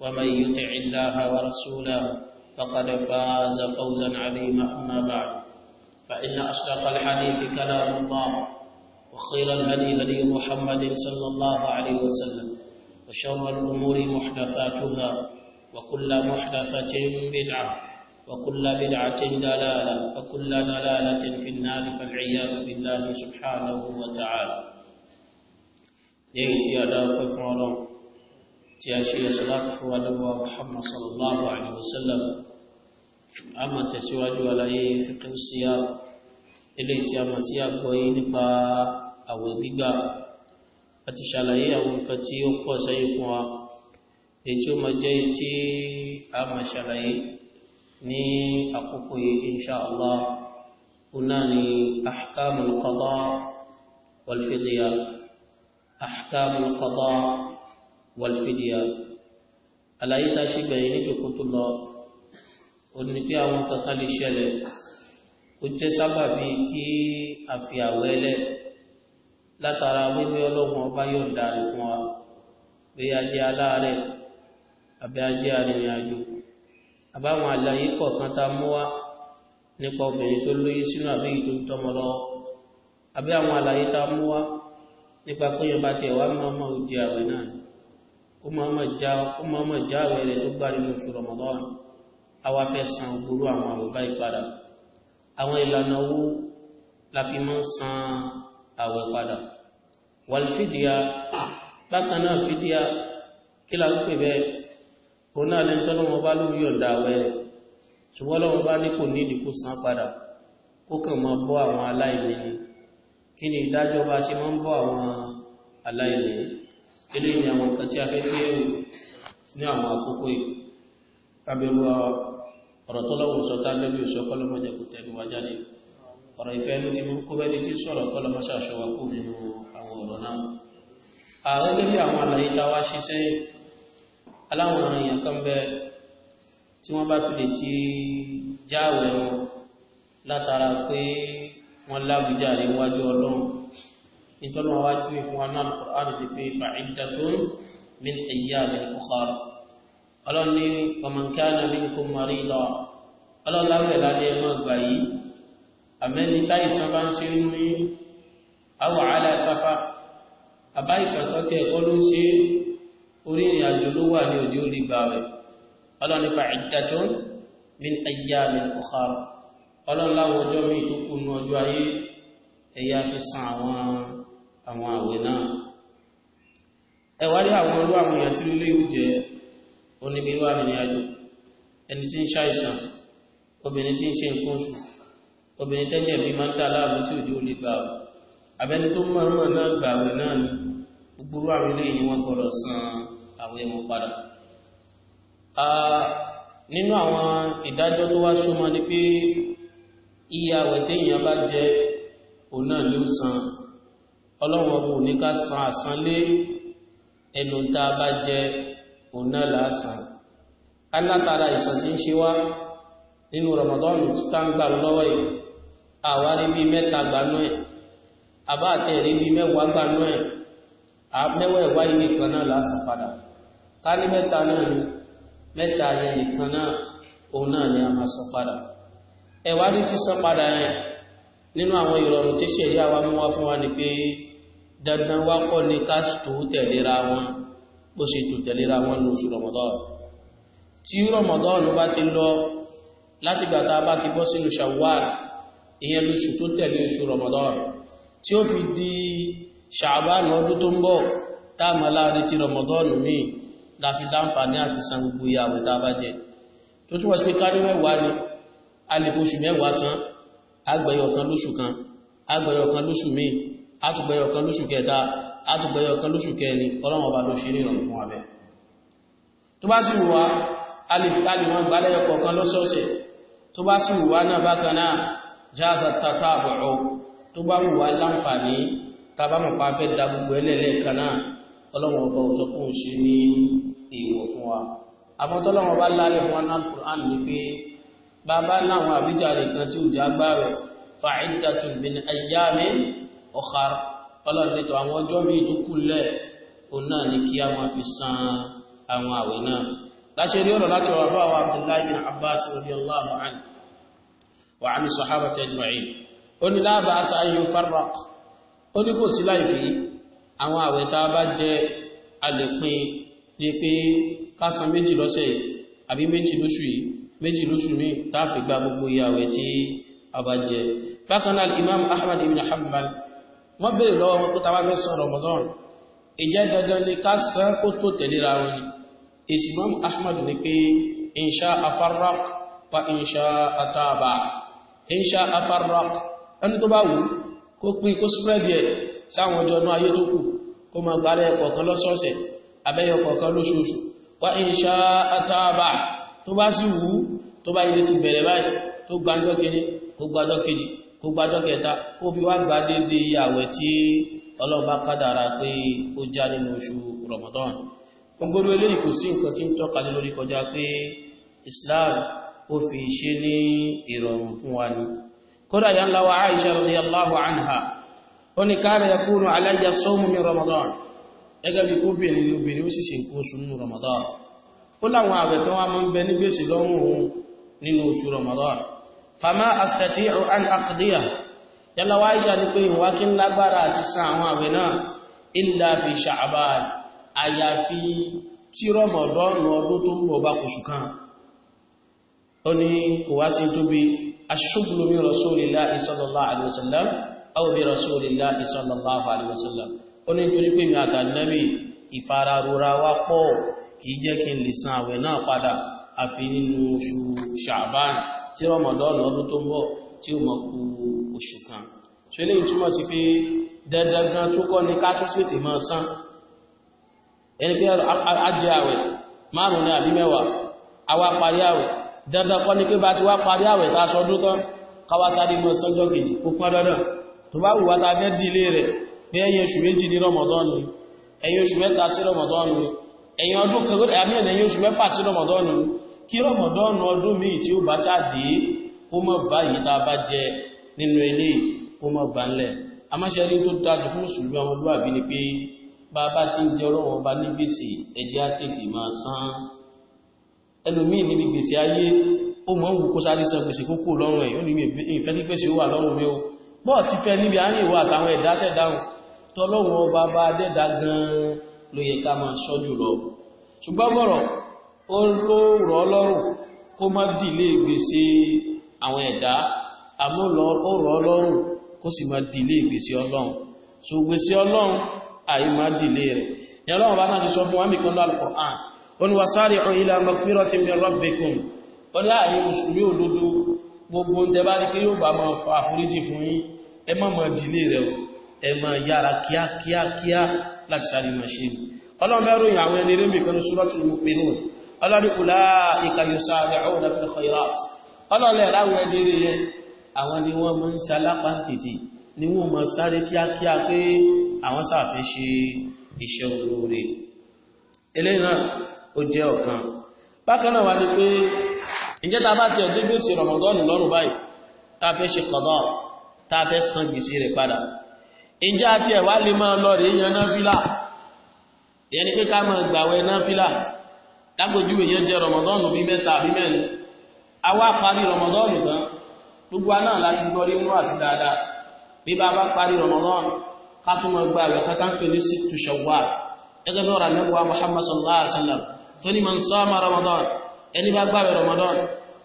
ومن يطع الله ورسوله فقد فاز فوزا عظيما أما بعد فإن أصدق الحديث كلام الله وخير الهدي هدي محمد صلى الله عليه وسلم وشر الأمور محدثاتها وكل محدثة بدعة وكل بدعة دلالة وكل دلالة في النار فالعياذ بالله سبحانه وتعالى يأتي أداء فعلا tí a ṣe ṣọ́láàtù fún alẹ́wà Muhammad sallallahu alaihi wasallam a ma tẹ̀síwájú aláyé fíkẹ́ síyá ilé tí a ma sí àgbọ́yé nípa àwẹ̀ gbígbà a ti ṣàlàyé àwọn nǹkan tí ó pọ̀ sẹ́yìn fún wa èyí ma jẹ́ tí a ma ṣàlàyé ní àkókò yìí wàlfídíà àlàyé tá a ṣe gbẹ̀yìn níjòkó tó lọ òun ni pé àwọn kankan lè ṣẹlẹ̀ ó jẹ́ sábàbí kí àfi àwẹ̀ ẹlẹ̀ látara wíwí ọlọ́run ọba yọ̀ǹda rẹ̀ fún wa pé ajé aláàárẹ̀ àbí ajé arìnrìnàjò àbáwọn àlàyé kọ̀ọ̀kan tá a mú wá nípa obìnrin tó lóyún sínú àbí èyí tó ń tọ́mọ lọ́wọ́ àbí àwọn àlàyé tá a mú wá nípa pé yẹn bá tiẹ̀ wá mọ́ ọmọ òjì àwẹ̀ náà ó máa mọ̀ já ó máa mọ̀ já àwẹ̀ rẹ̀ tó gbà nínú oṣù Ramadan àwa fẹ́ san gbúrú àwọn àwẹ̀ báyìí padà àwọn ìlànà wo la fi máa ń san àwẹ̀ padà wàlfídíà bákan náà fídíà kí la ń pè bẹ́ẹ̀ òun náà lẹ́nu tọ́lọ́wọ́n bá ló yọ̀ǹda àwẹ̀ rẹ̀ ṣùgbọ́n bá ní kò ní ìdíkù san padà ó kàn máa bọ́ àwọn aláìní ni kí ni ìdájọ́ bá ṣe máa ń bọ́ àwọn aláìní eléyìí ni àwọn nǹkan tí a fẹ́ gbé ẹ̀rù ní àwọn àkókò yìí abẹ́rú ọ̀rọ̀ tó lọ́wọ́ sọ́tá lẹ́bí òṣọ́ kọ́lọ́mọ́jẹ kò tẹ́lú wa jáde ọ̀rọ̀ ìfẹ́ ẹni tí mú kó bẹ́ni tí sọ̀rọ̀ kọ́lọ́mọ́ṣà ṣọwà kú nínú àwọn ọ̀rọ̀ náà ààrẹ gẹ́gẹ́ nítorí wọn wá tí wí fún wa náà Al-Qur'an ti pé fa'iddatun min ayyamin ukhar ọlọ́run ní wa man kana minkum marida ọlọ́run lábẹ́ lálẹ́ ẹ̀mọ́ gbà yìí àmẹ́ni táìsàn bá ń ṣe ń rí awà ala safa àbá ìsànkọ́ tí ẹ̀kọ́ ló ní òjò orí gbà rẹ̀ min ayyamin ukhar ọlọ́run ọjọ́ mi tó kù ọjọ́ ayé ẹ̀yà fi san àwọn àwọn àwẹ̀ náà ẹ̀wárí àwọn olú àwọn èèyàn tí lílé yóò jẹ́ oníbirú àrìnrìn àjò ẹni tí ń ṣàìsàn obìnrin tí ń ṣe nǹkan oṣù obìnrin tẹ́jẹ̀ bí máa ń dà láàmú tí òjò lè gbà ọ̀ abẹ́ni tó máa ń mọ̀ náà gbà àwẹ̀ náà ni gbogbo àwọn ilé ni wọ́n gbọ́dọ̀ san àwẹ̀ wọn padà nínú àwọn ìdájọ́ tó wá súnmọ́ ni pé iye àwẹ̀ téèyàn bá jẹ òun náà ni san ọlọ́run ọba ò ní ká san àsanlé ẹnu tá a bá jẹ òun náà lásán alátara ìsàn tí ń ṣe wá nínú Ramadan tá ń gbà lọ́wọ́ yìí àwa rí bíi mẹ́ta gbanú ẹ̀ àbá àti ẹ̀rí bíi mẹ́wàá gbanú ẹ̀ mẹ́wàá ẹ̀wá yìí nìkan náà lásán padà ká ní mẹ́ta náà ni mẹ́ta yẹn nìkan náà òun náà ni a máa sọ padà ẹ̀wá rí sísọ padà yẹn nínú àwọn ìrọ̀rùn tí ṣẹ̀rí àwa mú wá fún wa ni pé dandan wá kọ́ ni ká tó tẹ̀léra wọn bó ṣe tó tẹ̀léra wọn ní oṣù Ramadan tí Ramadan bá ti lọ látìgbà tá a bá ti bọ́ sínú Shawwal ìyẹn la fi láǹfààní àti san gbogbo ìyàwó tá a bá jẹ agbẹ̀yọ̀ kan lóṣù kan agbẹ̀yọ̀ kan lóṣù míì àtùgbẹ̀yọ̀ kan lóṣù kẹta àtùgbẹ̀yọ̀ kan lóṣù kẹrin ọlọ́wọ̀n bá ló ṣe ní ìrọ̀rùn fún abẹ́ tó bá sì wù wá alìwọ̀n gbálẹ́yọ̀ kọ̀ọ̀kan lọ́sọ̀ọ̀sẹ̀ tó bá sì wù wá náà bákan náà jáàzà tata àbọ̀rọ̀ tó bá wù wá láǹfààní tàbámọ̀pá fẹ́ da bàbá láwọn àbíjàre kan tí ò jágbá rẹ̀ fa'iddatun min ayyamin ukhar ọlọ́dẹ̀tọ̀ àwọn ọjọ́ mi tó kúlẹ̀ òun náà ni kí a máa fi san àwọn àwẹ̀ náà láṣẹ rí ọ̀rọ̀ láti wà fáwọn Abdullahi bin Abbas radiyallahu anhu wa ami sahaba tajma'in ó ní láàbà aṣa ayé méjì lóṣù mi táàfi gba gbogbo ìyàwó tí a bá jẹ bákanáà imam ahmad ibn hanbal wọ́n bèèrè lọ́wọ́ wọn kó tàbá fẹ́ san ramadan ìjẹ́ dandan ni ká san kó tó tẹ̀léra wọn ni èsì imam ahmad ni pé insha afarraq wa insha ataba insha afarraq ẹni tó bá wù kó pín kó spread sáwọn ọjọ́ náà ayé tó kù kó máa gbálẹ̀ kọ̀ọ̀kan lọ́sọ̀ọ̀sẹ̀ abẹ́yọ kọ̀ọ̀kan lóṣooṣù wa insha ataba tó bá sì wù ú tó bá ilé ti bẹ̀rẹ̀ báyìí tó gbájọ́ kìíní kó gbájọ́ kejì kó gbájọ́ kẹta kó fi wá gbá dédé àwẹ̀ tí ọlọ́ọ̀bá kádàrà pé ó já nínú oṣù Ramadan gbogbo eléyìí kò sí nǹkan tí ń tọ́ka lé lórí kọjá pé Islam ó fi ṣe ní ìrọ̀rùn fún wa ní kódà yà ń lawa Aisha radiyallahu anha ó ní káàrẹ̀ ya kúrò aláyà sọ́mù ní Ramadan ẹgbẹ́ bí kó bèèrè obìnrin ó sì ṣe nǹkan oṣù nínú Ramadan ó láwọn àwẹ̀ tó wá mọ́ ń bẹ ní gbèsè lọ́rùn òun nínú oṣù fama astati'u an aqdiya yalla wa aisha ní pé ìwà kí n lágbára àti san àwọn A náà fi sha'ban tí Ramadan ọdún tó ń bọ̀ bá kò ṣùkan ó ní kò wá sí tó min rasulillahi sallallahu alaihi wasallam aw bi rasulillahi sallallahu alaihi wasallam mi kì í jẹ́ kí n lè san àwẹ̀ náà padà àfi nínú oṣù ṣàbán tí rọmọdọ́nù ọdún tó ń bọ̀ tí ó mọ̀ kú oṣù kan ṣe lè túmọ̀ sí pé dandangan tó kọ́ ní káàkiri tètè máa san ẹni pé ajẹ́ àwẹ̀ márùn ní àbí mẹ́wàá àwa parí àwẹ̀ dandan kọ́ ní pé bá ti wá parí ẹ̀yìn ọdún kan àmì ẹ̀yìn oṣù mẹ́fà sí rọmọdọ́nù kí rọmọdọ́nù ọdún míì tí ó bá sáàdé kó mọ́ bá yìí tá a bá jẹ nínú ilé kó mọ́ gbà ńlẹ̀ amáṣẹ́ rí tó dájú ni pé bàbá tí ń jẹ ọlọ́wọ́ ọba ní gbèsè ẹjẹ́ á tètè máa san ẹlòmíì níbi gbèsè ayé ó mọ̀ ń wù ló yẹ ká máa ṣọ́ jùlọ ṣùgbọ́n bọ̀rọ̀ ó ló rọ̀ lọ́rùn kó má dìlé ìgbésí àwọn ẹ̀dá àmọ́ ó rọ̀ lọ́rùn kó sì má dìlé ìgbésí ọlọ́run so ìgbésí ọlọ́run àyè má dìlé rẹ̀ yàlọ́run bá náà ti sọ fún wa mìkan lọ́wọ́ Al-Qur'an ó ní wasari'u ila magfiratin min rabbikum ó ní àyè mùsùlùmí òdodo gbogbo ń tẹ́bá ní kí yóò bá máa fa àforíjì fún yín ẹ má máa dìlé rẹ̀ ẹ máa yára kíákíákíá láti sáré ma ṣe ọlọ́run bẹ́rù ìyà àwọn ẹni rí mi pẹ̀lú suratul mu'minun ọlọ́run ulaika yusari'una fil khairat ọlọ́run ẹ̀rá àwọn ẹni rí yẹn àwọn ni wọ́n mọ́ ń ṣe alápáǹtìtì ni wọ́n mọ́ sáré kíákíá pé àwọn sàfẹ́ ṣe iṣẹ́ olóore eléyìí náà ó jẹ́ ọ̀kan bákan náà wà ní pé ìjẹ́ ta lọ́rùn báyìí ta ṣe kọ̀dọ̀ ta fẹ́ san rẹ̀ padà ìjá àti ẹ̀wà lè máa lọ rèé yan náfílà ìyẹn ni pé ká máa gbàwẹ̀ náfílà lágbójúwé yẹn jẹ́ rọmọdọ́nù bí mẹ́ta àbí mẹ́rin awá parí rọmọdọ́nù tán gbogbo aná láti gbọ́ rí mú àti dáadáa bí bá bá parí rọmọdọ́nù ká tún máa gbàwẹ̀ ká tá ń pè ní sí tùṣọ̀gbà gẹ́gẹ́ bí ọ̀rọ̀ ànábì wa Muhammad sallallahu alaihi wasallam tó ní man sama rọmọdọ́n ẹni bá gbàwẹ̀ rọmọdọ́n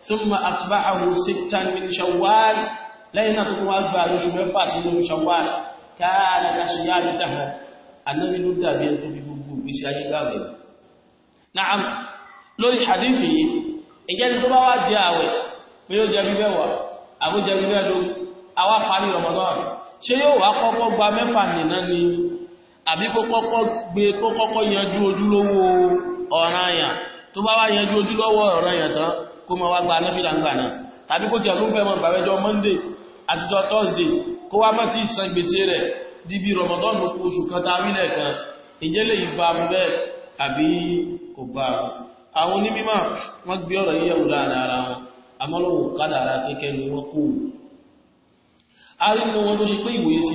thumma atba'ahu sittan min shawwal lẹ́yìn náà tó tún wá gbà lóṣù mẹ́fà sí lóṣù káàlá kásùyá àti dáhà anábí ló dàbí ẹ̀ tó fi gbogbo ìgbésí ayé gbàwẹ̀ náà lórí hadithi yìí ìjẹ́ni tó bá wá jẹ àwẹ̀ pé ó jẹ bíbẹ̀ wà àbújẹ bíbẹ̀ ló awá parí Ramadan ṣé yóò wá kọ́kọ́ gba mẹ́fà nìna ni àbí kó kọ́kọ́ gbé kó kọ́kọ́ yanjú ojúlówó ọ̀ranyàn tó bá wá yanjú ojúlówó ọ̀ranyàn tán kó tàbí kó tiẹ̀ tó ń fẹ́ Monday àtijọ́ Thursday kó wá má ti san gbèsè rẹ̀ díbi Ramadan oṣù kan tá a rí lẹ́ẹ̀kan ìjẹ́ lè bá mu bẹ́ẹ̀ àbí kò bá mu àwọn onímọ̀ wọ́n gbé ọ̀rọ̀ yíyẹ̀ wò láàrin ara wọn àmọ́ lọ́wọ́ kádàrá kékeré ni wọ́n kó wò a rí mú wọn tó ṣe pé ní gbèsè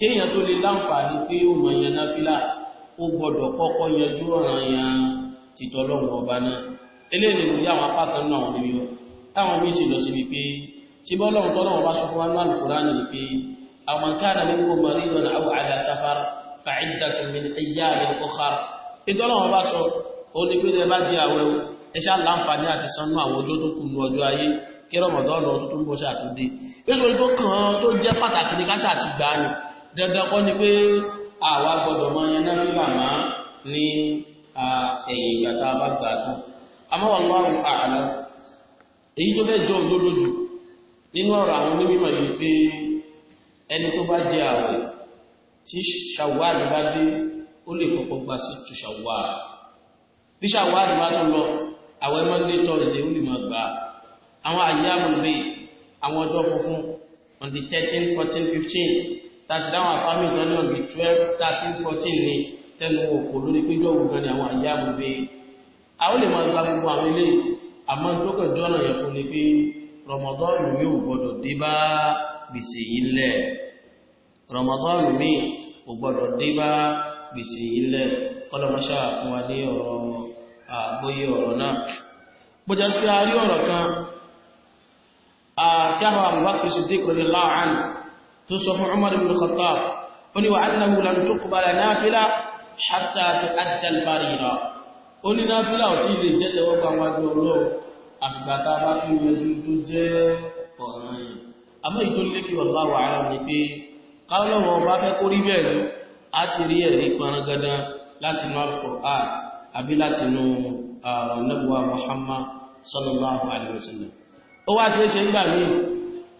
kéèyàn tó lè láǹfààní pé ó mọ yan náfìlà ó gbọ́dọ̀ kọ́kọ́ yanjú ọ̀ràn yan tìtọ́lọ́run ọba náà eléyìí ni àwọn apá kan náà wọn níbi táwọn míín sì lọ síbi pé tí bọ́lọ́run tọ́lọ́run bá sọ fún wa min ayyamin ukhar ìtọ́lọ́run bá sọ ó ní pé tẹ́ bá di àwẹ̀ ẹṣá láǹfààní àti sanú àwọn ọjọ́ tó kù ní ọjọ́ ayé kí rọmọdọ́ lọ tó ń bọ́ sáà tó sọ pé tó tó jẹ́ pàtàkì ní káṣà àti gbà dandan kọ́ ni pé àwa gbọ́dọ̀ mọ yẹn nígbà má ní ẹ̀yìn ìgbà a bá gbà tán àmọ́ wọn lọ́rùn àlọ́ èyí tó fẹ́ẹ́ jọ òdodo jù nínú ọ̀rọ̀ àwọn onímọ̀ yìí pé ẹni tó bá jẹ àwẹ̀ tí ṣàwáàlì bá dé ó lè kọ́kọ́ gba sí tu ṣàwáàlì bí ṣàwáàlì bá tún on the thirteen fourteen fifteen tàti dáwọn àfáàmì ìtọ́lẹ̀ ọ̀gbì 12 13 14 ní tẹ́nu òkò lórí pínjọ́ òun gan ni àwọn àyà gbogbo àwọn lè máa gba gbogbo àwọn ilé àmọ́ tókàn jọ́nà yẹn ni pé rọmọdọ́ọ̀nù mi ò gbọ́dọ̀ dé bá gbèsè yìí lẹ̀ rọmọdọ́ọ̀nù ò gbọ́dọ̀ dé bá gbèsè yìí tó sọ fún Umar ibn Khattab ó ní wa annahu lam tuqbala nafila hatta tu'adda al-farida ó ní nafila ò tí lè jẹ́ tẹ́wọ́ gba àwọn àgbẹ̀ ọlọ́wọ́ àfìgbà tá a bá fi yanjú tó jẹ́ ọ̀ràn yìí àmọ́ ìtò lékì wallahu a'lam ni pé káwọ́lọ́wọ́ bá fẹ́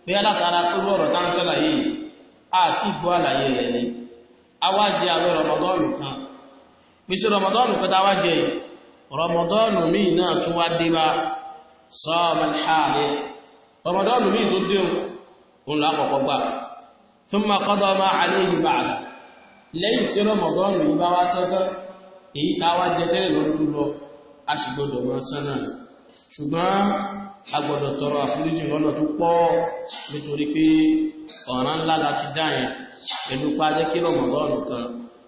bí alátara tó lọ́rọ̀ dáńsọ́là yìí àti ìgbọ́ àlàyé rẹ̀ ni a wá jẹ àwọn rọmọdọ́ọ̀nù kan pèsè rọmọdọ́ọ̀nù kan tá a wá jẹ yìí rọmọdọ́ọ̀nù míì náà tún wá dé bá sọ́ọ̀mù ààrẹ rọmọdọ́ọ̀nù míì tó dé a gbọ́dọ̀ tọrọ àforíjì lọ́nà tó pọ̀ nítorí pé ọ̀ràn ńlá láti dáyẹn pẹ̀lú pàdé kí lọ́mọ̀lọ́nù kan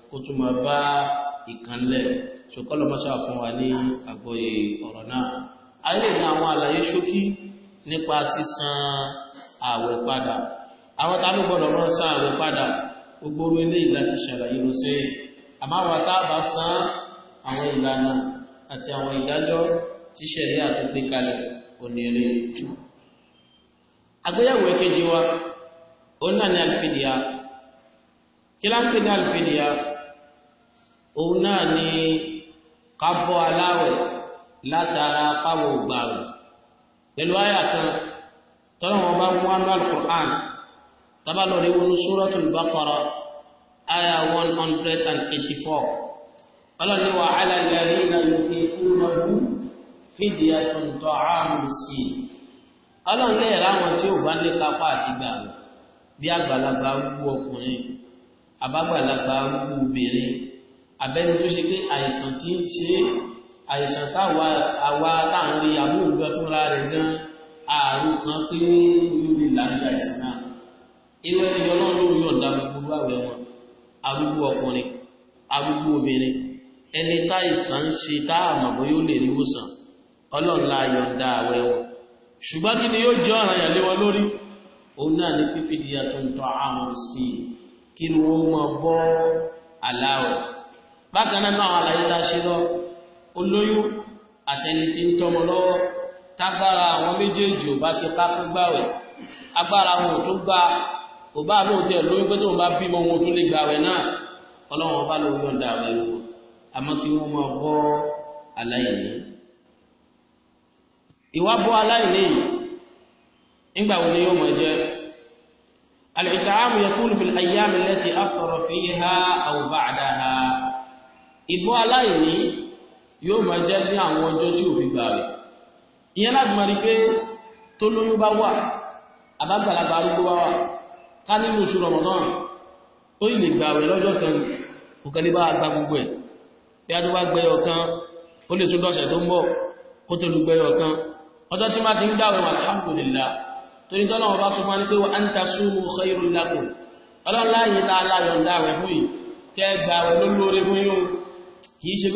kó tún máa bá ìkànlẹ̀ ṣokọ́lọmọṣà fún wa ní àgbọ́yé ọ̀rọ̀ náà a lè ní àwọn àlàyé ṣókí nípa sísan ààwẹ̀ padà àwọn ìlànà àti àwọn ìdájọ́ tíṣẹ̀lẹ̀ àtúgbé kalẹ̀ onílé jù. àgbéyẹ̀wò èkejì wa òun náà ní àlùfídíà kí láń pè ní àlùfídíà òun náà ní ká bọ́ aláwẹ̀ látara pàwọ̀ gbàrú pẹ̀lú àyà kan tọ́lá wọn bá mú àánú alukur'an tábàlọ́ rí wọnú suratul Baqara àyà one hundred and eighty four ọlọ́ni wàhálà ìyàrí ìlànà ìfúnnáwó fídíà tuntun ààrùn miskin ọlọ́run lè ráwọn tí ò bá ní kápá àti gbà rẹ̀ bí àgbàlagbà wú ọkùnrin àbágbàlagbà wú obìnrin abẹ́ni tó ṣe pé àìsàn tí ń ṣe àìsàn táwa táwọn rí amóhùngbẹ́ fúnra rẹ̀ gan ààrùn kan pé lórí ìlànà àìsàn náà irú ẹni ọlọ́run ló yọ̀ǹda gbogbo àwẹ̀ wọn arúgbó ọkùnrin arúgbó obìnrin ẹni táìsàn ń ṣe táàmà bóyá ó lè rí wòsàn ọlọ́run la yọ̀ǹda àwẹ̀ wọn ṣùgbọ́n kí ni yóò jẹ́ ọ̀ràn yà lé wọn lórí òun náà ní pípìdì yàtọ̀ ń tọ́ àrùn sí i kí ni wọ́n mọ bọ́ aláwọ̀ bákan náà náà àlàyé tá a ṣe lọ olóyún àtẹni tí ń àwọn méjèèjì ò ọlọ́run ọba ló yọ̀ǹda àwẹ̀ wọn àmọ́ kí wọ́n mọ bọ́ aláìní ìwábọ̀ aláìní yìí nígbà wo ni yóò mọ̀ jẹ́ alìtàámù yakunu fil ayyámi lẹ́tì afọ̀rọ̀ fi ha àwùbá àdáha ìbọ̀ aláìní yóò mọ̀ jẹ́ ní àwọn ọjọ́ tí ò fi gbà rẹ̀ ìyẹn láti mọ̀ rí pé tó lóyún bá wà àbágbàlagbà arúgbó bá wà ká nínú oṣù rọmọdán ó lè gbà rẹ̀ lọ́jọ́ kan kò bá gba gbogbo ẹ̀ bí adúgbà gbẹyọ̀ kan ó lè tún lọ́sẹ̀ tó ń bọ̀ kó tó lù gbẹyọ̀ kan ọjọ́ tí máa ti ń dáwẹ̀ alhamdulillah torí tọ́lọ́wọ́ bá sọ fún ní pé wa an tasumu khairul lakum ọlọ́láyé tá aláyọ̀ dáwẹ̀ fún yìí kẹ́ gbàwẹ̀ ló lóore fún yóò kìí ṣe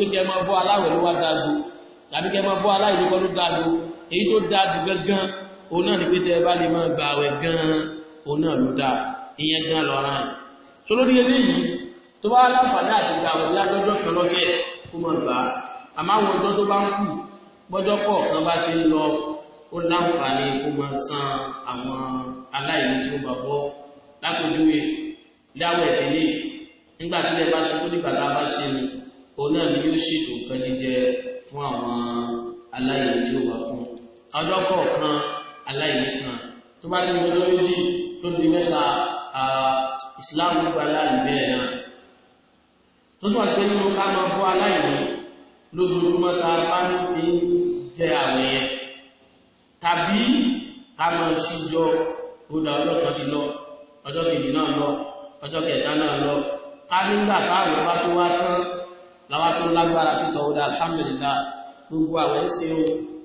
tó bá lè àti gbàwẹ̀ lájọ́jọ́ kan lọ́sẹ̀ kó máa gbà ọjọ́ tó bá ń kù gbọ́jọ́ pọ̀ kan bá ṣe ń lọ ó láǹfààní kó máa san àwọn aláìní tí ó bá bọ́ lápòjúwe láwọ̀ ẹ̀dẹ́ yìí nígbà tí ẹ bá ṣe kó nígbà tá a bá ṣe ni òun náà ni yóò ṣètò nǹkan jíjẹ fún àwọn aláìní tí ó bá fún ọjọ́ kọ̀ọ̀kan aláìní kan tó bá ti ń gbọ́jọ́ méjì tó di mẹ́ta ìsìláàmù gba aláìní bẹ́ẹ̀ náà tó tún àṣẹ nínú ká máa bọ́ aláìní lójoojúmọ́ tá a bá ti ń jẹ́ àwọn yẹn tàbí káwọn ṣíjọ gbọdọ̀ ọjọ́ kan ti lọ ọjọ́ kejì náà lọ ọjọ́ kẹta náà lọ ká nígbà táwọn bá tó wá tán làwọn tó lágbára títọ́ ọ̀dà alhamdulillah gbogbo àwọn ẹ̀sìn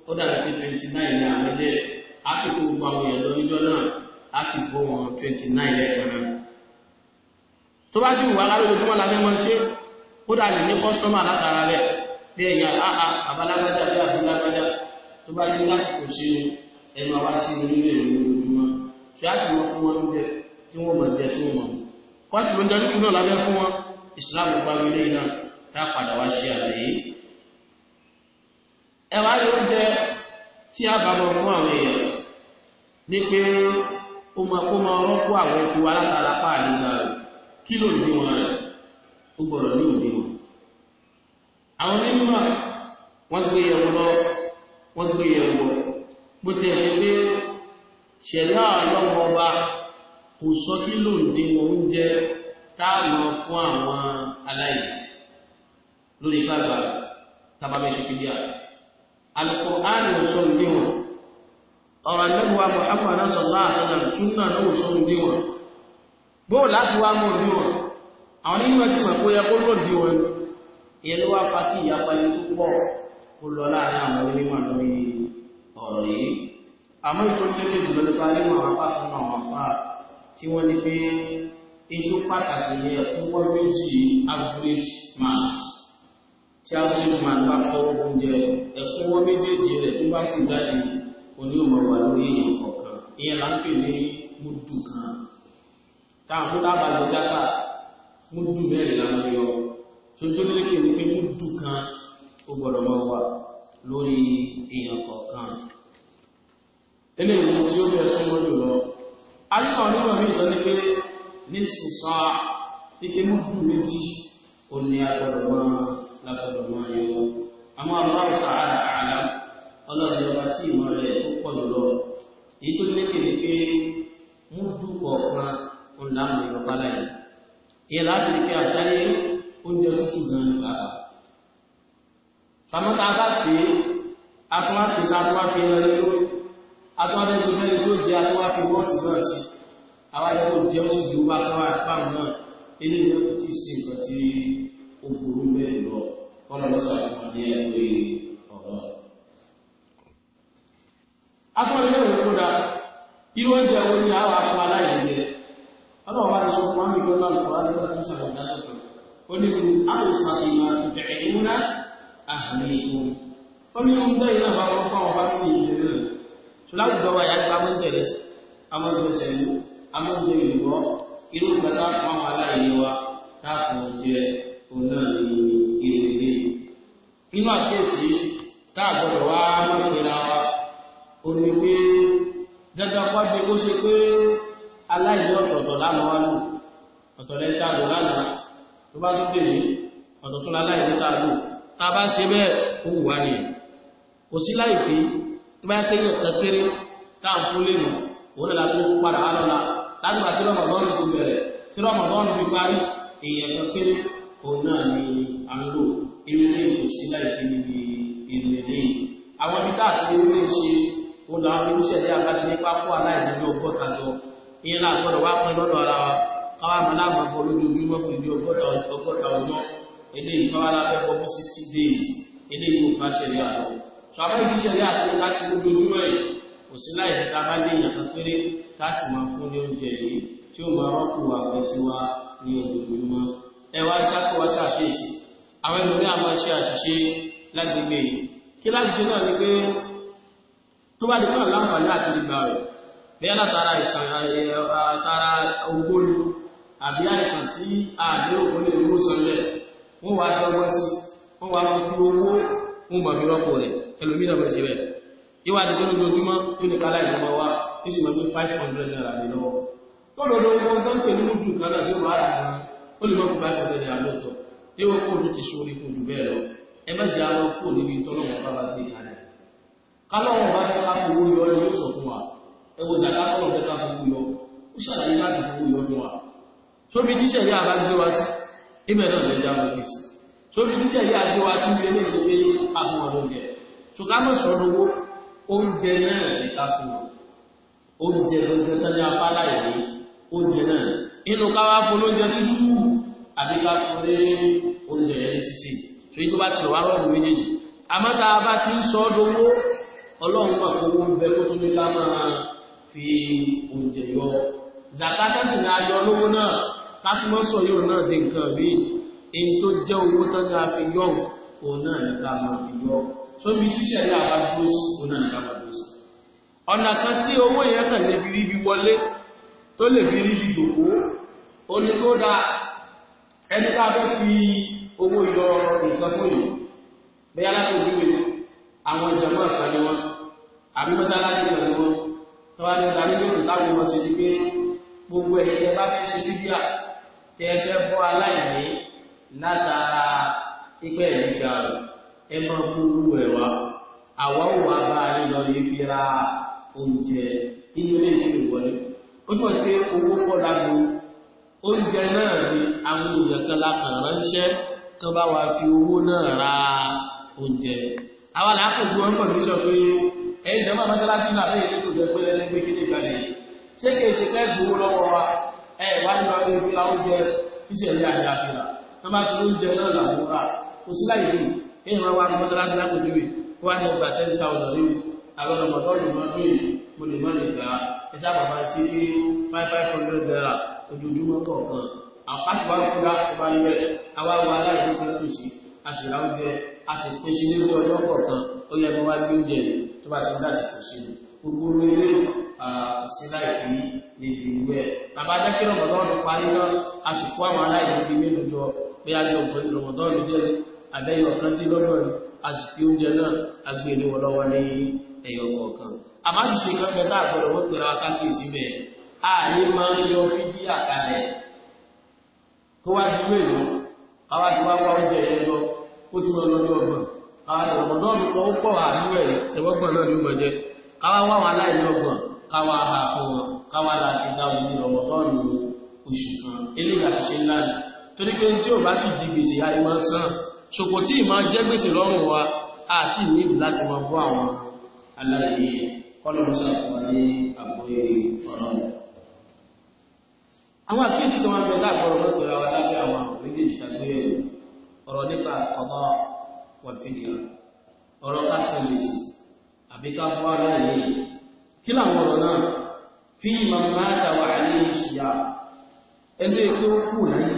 ó dàbí pé twenty nine ní àwọn ilé á sì kó gbogbo àwọn èèyàn lọ níjọ́ náà á sì bó wọn twenty nine lẹ́ẹ̀kan náà tó bá sì wù wá lálẹ́ ojoojúmọ́ la fẹ́ mọ́ ṣe ó dàbí ní kọ́sítọ́mà látara rẹ̀ bí èèyàn áhà àbálágbádá bí àbúlágbádá tó bá ti lásìkò sí ẹnu àwa sí orílẹ̀ èdè lójoojúmọ́ ṣé a sì wọ́n fún wọn jẹ tí wọ́n mọ̀ jẹ tí wọ́n mọ̀ wọ́n sì ló ń darí kú náà lábẹ́ fún wọn ìsìláàmù bá wí lẹ́yìn náà tá a padà wá ṣe àlàyé ẹ wá ló ń jẹ tí a bá mọ fún àwọn èèyàn ní pé ó máa kó máa rọ́pò àwọn tiwa látara páàlì náà kí ló ń dín wọn rẹ̀ ó gbọ́dọ̀ ní òdiwọ̀n àwọn mímọ́ wọ́n gbé yẹ̀wò lọ wọ́n gbé yẹ̀wò bó ti ẹ̀ṣẹ̀ pé ṣẹ̀dá lọ́wọ́ ọba kò sọ kí lòdì oúnjẹ táàmù fún àwọn aláìní lórí bàbá tábàmẹ́sì fìdíà Al-Qur'an sọ ìdíwọ̀n ọ̀rọ̀ lẹ́gbọ́n Muhammad sallallahu alaihi wasallam súnà náà sọ ìdíwọ̀n bóò láti wá mọ̀ ìdíwọ̀n àwọn onímọ̀ sí ìyẹn ló wá fa sí ìyapa ẹni tó pọ̀ kó lọ láàrin àwọn onímọ̀ lórí ọ̀rọ̀ yìí àmọ́ ìtòkèlè ìdúrólópa nínú àwọn apá fún àwọn apá tí wọ́n ní pé inú pàtàkì ní ẹ̀kúnwọ́ méjì average man tí average man bá fọwọ́ oúnjẹ ẹ̀kúnwọ́ méjèèjì rẹ̀ tó bá kù jáde oní òmọ̀wà lórí èèyàn kọ̀ọ̀kan ìyẹn là ń pè ní múdù kan táwọn tó dábàá jọ játa múdù mẹ́rin láwọn yọ tó tó lékè ní pé múdù kan ó gbọ́dọ̀ máa wà lórí èèyàn kọ̀ọ̀kan eléyìí tí ó bẹ̀rẹ̀ súnmọ́ jùlọ alúkọ̀ nígbà mí ìtọ́ ní pé ní sísá ike múdù méjì ó ní agbọ́dọ̀ máa lágbọ́dọ̀ máa yọ àmọ́ aláwọ̀ tààrà àlá ọlọ́run ọba tí ìmọ̀ rẹ̀ ó pọ̀ jùlọ èyí tó lékè ní pé múdù kọ̀ọ̀kan ó ń láàmú ìrọ̀bá láyé ìyẹn láti ní pé àṣálẹ́ oúnjẹ tútù gan ní bàbá pàmọ́ta bá sí atúnwáṣe tàbí ẹ̀rọ lórí atúnwáṣe tó fẹ́ tó jẹ́ atúnwáṣe wọ́n ti náà sí àwájẹ́ tó jẹ́ oṣù tó bá fẹ́ àpáàmù náà ilé ìlú kò tí sí nǹkan tí ó burú bẹ́ẹ̀ lọ kọ́nà lọ́sọ̀ àtúnwá ní ẹgbẹ́ ọ̀rọ̀ atúnwáṣe náà wọ́n kódà irú oúnjẹ wo ni àwọn afọ aláìlẹ̀ ọlọ́run bá ti sọ fún wa nígbà náà lọ́wọ́ onígun àwòsàmìmọ̀ ìbẹ̀rẹ̀ ìmúná àhàmìlìkún omi ń gbọ́ iná bá wọ́n fáwọn bá fún ìlú rẹ̀ tó láti gbọ́wà yá gbá mọ́ jẹ̀rẹ̀ amọ́gbẹ̀sẹ̀mú amọ́gbẹ̀ ìlúgbọ́ irú gbàtà fún àwọn aláìní wa láàfún jẹ òun náà ní ìlú ilé inú àkíyèsí táàgbọ̀dọ̀ wá lọ́pẹ̀lá wa omi ọ̀tọ̀lẹ́ta lò lánàá tó bá tún dè ní ọ̀dọ̀ tó láláì ní tààlù ta bá ṣe bẹ́ẹ̀ ó wù wá nìyẹn kò sí láì fi tó bá ṣe yàn kẹkẹrẹ táà ń fún lẹ́nu òun náà láti kó padà lọ́la ni àlọ́ ìrìnlẹ̀ kò sí láì fi níbi ìrìnlẹ̀ àwọn ibi tá àti ìrìnlẹ̀ ṣe ó làwọn ìdí àbájáde nípa fún aláìsí ní ọgọ́ta jọ ìyẹn láàgbọ́dọ̀ wá ara káwá mọ láàbọ̀ lójoojúmọ́ pẹ̀lú ọgọ́ta ọjọ́ eléyìí káwá lábẹ́ bọ́ fún sixty days eléyìí kò bá ṣẹlẹ̀ àlọ́ ṣàfẹ́ ìṣẹ̀lẹ̀ àti láti lójoojúmọ́ ẹ̀ kò sí láì fi ta bá lè yàn kan péré láti máa fún ní oúnjẹ yìí tí ó máa rọ́pò àfẹ́ tiwa ní ojoojúmọ́ ẹ wá dákọ̀ wá ṣàkíyèsí àwọn ẹlòmíràn máa ṣe àṣìṣe lágbègbè yìí kí láti ṣe náà ni pé tó bá di fún àlàǹfààní àti ìgbà rẹ̀ bẹ́ẹ̀ látara ìsàn àtara ogún àbí àìsàn tí ààrẹ òkú lè lówó sọlẹ̀ wọ́n wá dọ́gbọ́n sí wọ́n wá fi kú owó ń bọ̀ fi rọ́pò rẹ̀ ẹlòmínà bẹ̀ síbẹ̀ yíwá ti tó lójoojúmọ́ tó ní kálá ìjọba wa ó sì máa gbé five hundred naira lé lọ́wọ́ lọ́dọ̀ lọ́wọ́ tó ń pè ní mùdù kan náà tí ó wà á dùn ó lè mọ́kù five hundred naira lọ́tọ̀ yíwọ́ kó ló ti ṣorí fún jù bẹ́ẹ̀ lọ ẹ má jẹ́ àwọn kó níbi tọ́lọ́wọ́ bá bá gbé kalẹ̀ kálọ́wọ́ bá fẹ́ ká fowó yọ ni yóò sọ fún wa ẹ wo sàkátọ́lọ́ fẹ́ ká fowó yọ ó sóbi tíṣẹ̀ ní àbájúwásí ibẹ̀ náà lè dáa lókè sí sóbi tíṣẹ̀ ní àjúwásí ilé ní ìgbé àfihàn lókè tó ká mọ̀ sọ́rọ̀ owó oúnjẹ náà lè káfíwọ̀ oúnjẹ lóúnjẹ tán ní afárá ìwé oúnjẹ náà inú káwá polóúnjẹ tútù àbí ká fún lé oúnjẹ yẹn sísè tó yí tó bá ti a bá ti fi oúnjẹ yọ zakata sì náà kásímọ́sọ̀ yóò náà di nǹkan bí in tó jẹ́ owó tán ní a fi yọ́ òun náà ní ká máa fi yọ́ sóbi tíṣẹ̀ ní àbá dúró sí òun náà ní ká máa dúró sí. ọ̀nà kan tí owó yẹn kàn lè fi rí bí wọlé tó lè fi rí bí gbogbo ẹ̀yẹ bá fi ṣe bíbí tẹ ẹ fẹ́ fọ́ aláìní látara pípẹ́ ìgbà rẹ̀ ẹ máa kúrú ẹ̀ wá àwa ò bá yín lọ yìí fi ra oúnjẹ inú ilé ìsìn ìwọlé ó túmọ̀ sí owó kọ́ lágbo oúnjẹ náà ni àwọn èèyàn kan la kàn ránṣẹ́ tó bá wa fi owó náà ra oúnjẹ àwa làá kò gbọ́ ọ́n pẹ̀lú pé ẹ̀yin jẹ́ máa mọ́tálásí náà lẹ́yìn tó jẹ́ pé ẹlẹ́gbẹ́ kéde ìgbàlè ṣé kìí ṣe fẹ́ gbowó lọ́wọ́ wa ẹ wá nípa pé kí la oúnjẹ kíṣẹ̀ ilé àti àfihàn tó bá ti oúnjẹ náà làbúrà kò sí láì dùn kí ìran wá ní mọ́sálásí lápòjúwe kó wá ní ọgbà ten thousand nínú àwọn ọmọdé ọdún mọ́ bí mo lè mọ́ lè gbà ẹ sábà máa sí five five hundred naira ojoojúmọ́ kọ̀ọ̀kan àpáṣíwá kúrá ọba ilẹ̀ awáwọ̀ aláìsókè lọ́tòsí àṣìlá oúnjẹ àṣìpín sí nílé ọjọ́ kọ̀ọ̀kan ó yẹ kó wá gbé oúnjẹ tó bá ti dásìkò sí gbogbo ilé Aa ìpín níbi ìwé ẹ̀. Bàbá jẹ́ kí parí a sì kó àwọn aláìlú pé a jẹ òpin Rọ̀mọ̀dọ́ọ̀nù jẹ́ àbẹ́yọ̀ kan rẹ̀, a sì fi oúnjẹ náà agbé e ní wọlọ́wọ́ ní A ní máa ń yọ tó wá ti ti wá wá oúnjẹ yẹn lọ, ó ti mọ lọ́dọ̀ ọgbọ̀n. Àwọn Rọ̀mọ̀dọ́ọ̀nù kan ó káwà àfọ káwà láti dá omi rọmọdọ́nù oṣù kan eléyà ṣe ńlá torí pé tí ò bá ti di gbèsè àìmọ́ sàn ṣòkò tí ìmọ̀ jẹ́ gbèsè lọ́rùn wa àti ìníbi láti mọ bọ́ àwọn aláìní kọ́lọ̀mùsà fún ní àgbóyé ọ̀rọ̀ àwọn àkíyèsí tó máa ń bẹ̀rẹ̀ àgbọ̀rọ̀ mọ́tòrò àwọn lábẹ́ àwọn àwọn méjèèjì tàgbéyè ọ̀rọ̀ nípa ọ̀bá wọ̀fíìdì ọ̀rọ̀ kásìlèsì àbíká fún aláìní kí làwọn ọ̀rọ̀ náà fi ìmọ̀má àtàwà ní ìṣìyà ẹni tó kú láyé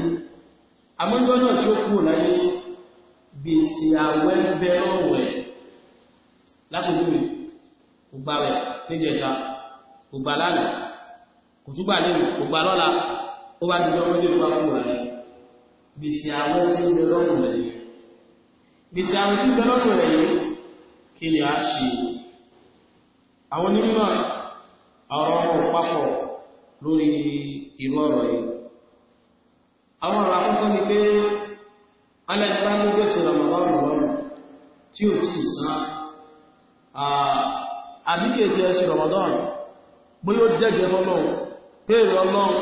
àmọ́jọ́ náà tí ó kú láyé gbèsè àwẹ́ bẹ́rọ̀wẹ̀ látòkúrò ògbà rẹ̀ níjẹta ògbà lánàá kò túgbà nínú ògbà lọ́la ni a ṣe àwọn onímọ̀ ọ̀rọ̀ papọ̀ lórí irú ọ̀rọ̀ yìí àwọn ọ̀rọ̀ akọ́kọ́ ni pé alẹ́gbá ló gbèsè ramadan lọ́rùn tí ò tí san àbíkèjì ẹsẹ̀ ramadan bó yóò dẹ́jẹ fọ́lọ́run bẹ́ẹ̀rẹ̀ ọlọ́run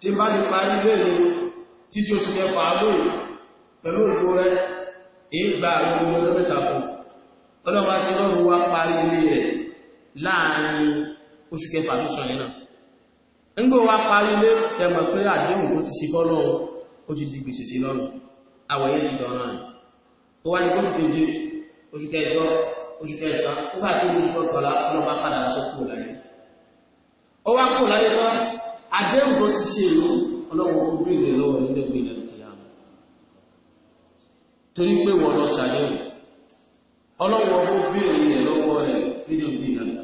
tí bá ti parí bẹ́ẹ̀rẹ̀ títí oṣù kẹfà lóòrùn pẹ̀lú òkú rẹ̀ èyí gba àwọn ọmọ mẹ́ta ọlọ́run á parí ilé rẹ̀ láàrin oṣù kẹfà tó sọ̀rọ̀ náà ńgbò wá parí lé ṣẹmọ̀ pé àdéhùn tó ti ṣe bọ́lọ́run ó ti di gbèsè sí lọ́rùn àwọ̀yẹ́ ti dọ̀rọ̀ rẹ̀ ó wá ní oṣù keje oṣù kẹjọ oṣù kẹta ó bá ti oṣù kọkànlá ọlọ́ba padà tó kú láyé ó wá kú láyé tán àdéhùn tó ti ṣe ìlú ọlọ́wọ́ torí pé wọ́n lọ ṣàdéhùn ọlọ́wọ́ ó bí ìlẹ̀ lọ́wọ́ rẹ̀ nílé gbìyànjú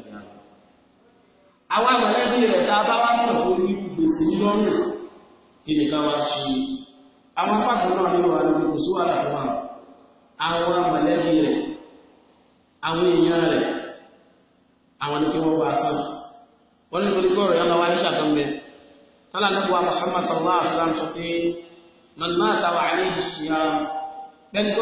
àwọn mọ̀lẹ́bí rẹ̀ tá a bá wá mọ̀ tó ní gbèsè lọ́rùn kí ni ká wá ṣe àwọn pàtàkì náà nínú àwọn olùkọ́ sí wà láwọn àwọn mọ̀lẹ́bí rẹ̀ àwọn èèyàn rẹ̀ àwọn ní kí wọ́n wá sàn wọ́n ní torí gbọ́rọ̀ yọ́n wá ní ṣàtọ́mbẹ́ tọ́lá nípa Muhammad sallallahu alaihi wasallam sọ pé man mata wa alayhi siyam bẹ́ni tó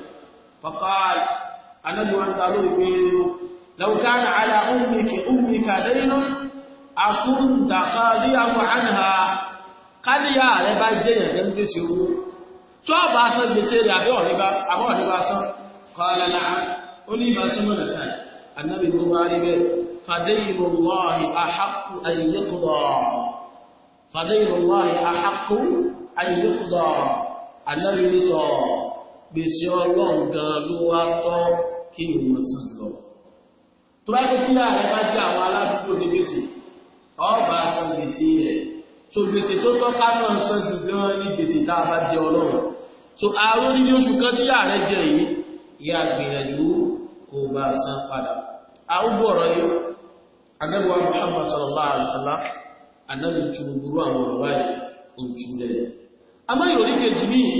فقال النبي وانت قالوا لو كان على أمك أمك دين أكنت قاضيه عنها قال يا ربا جيا جنبسي tó bá san gbèsè rẹ̀ àbí ọ̀rẹ́ bá san kọ́lá láà ó ní ìbá súnmọ́ nà táì annabi ló wá rí bẹ́ fàdéyìnlọ́wọ́hì àhàkù ayyẹ́kùdọ̀ annabi nítọ̀ọ̀ gbèsè ọlọ́run gan ló wá tọ́ kí ni wọ́n sì lọ. tó bá kí tí ààrẹ bá jẹ́ àwọn aládùúgbò ní gbèsè ọba san gbèsè rẹ̀ so gbèsè tó tọ́ ká náà san jù gan ní gbèsè tá a bá jẹ ọlọ́run so àwọn onílé oṣù kan tí ààrẹ jẹ yìí ya gbìyànjú kó bá san padà àwọn ọ̀rọ̀ yìí anábíwá Muhammad sallallahu alaihi wasallam anábì tún burú àwọn ọ̀rọ̀ báyìí ojú rẹ̀ àmọ́ ìròrí kejì níyìí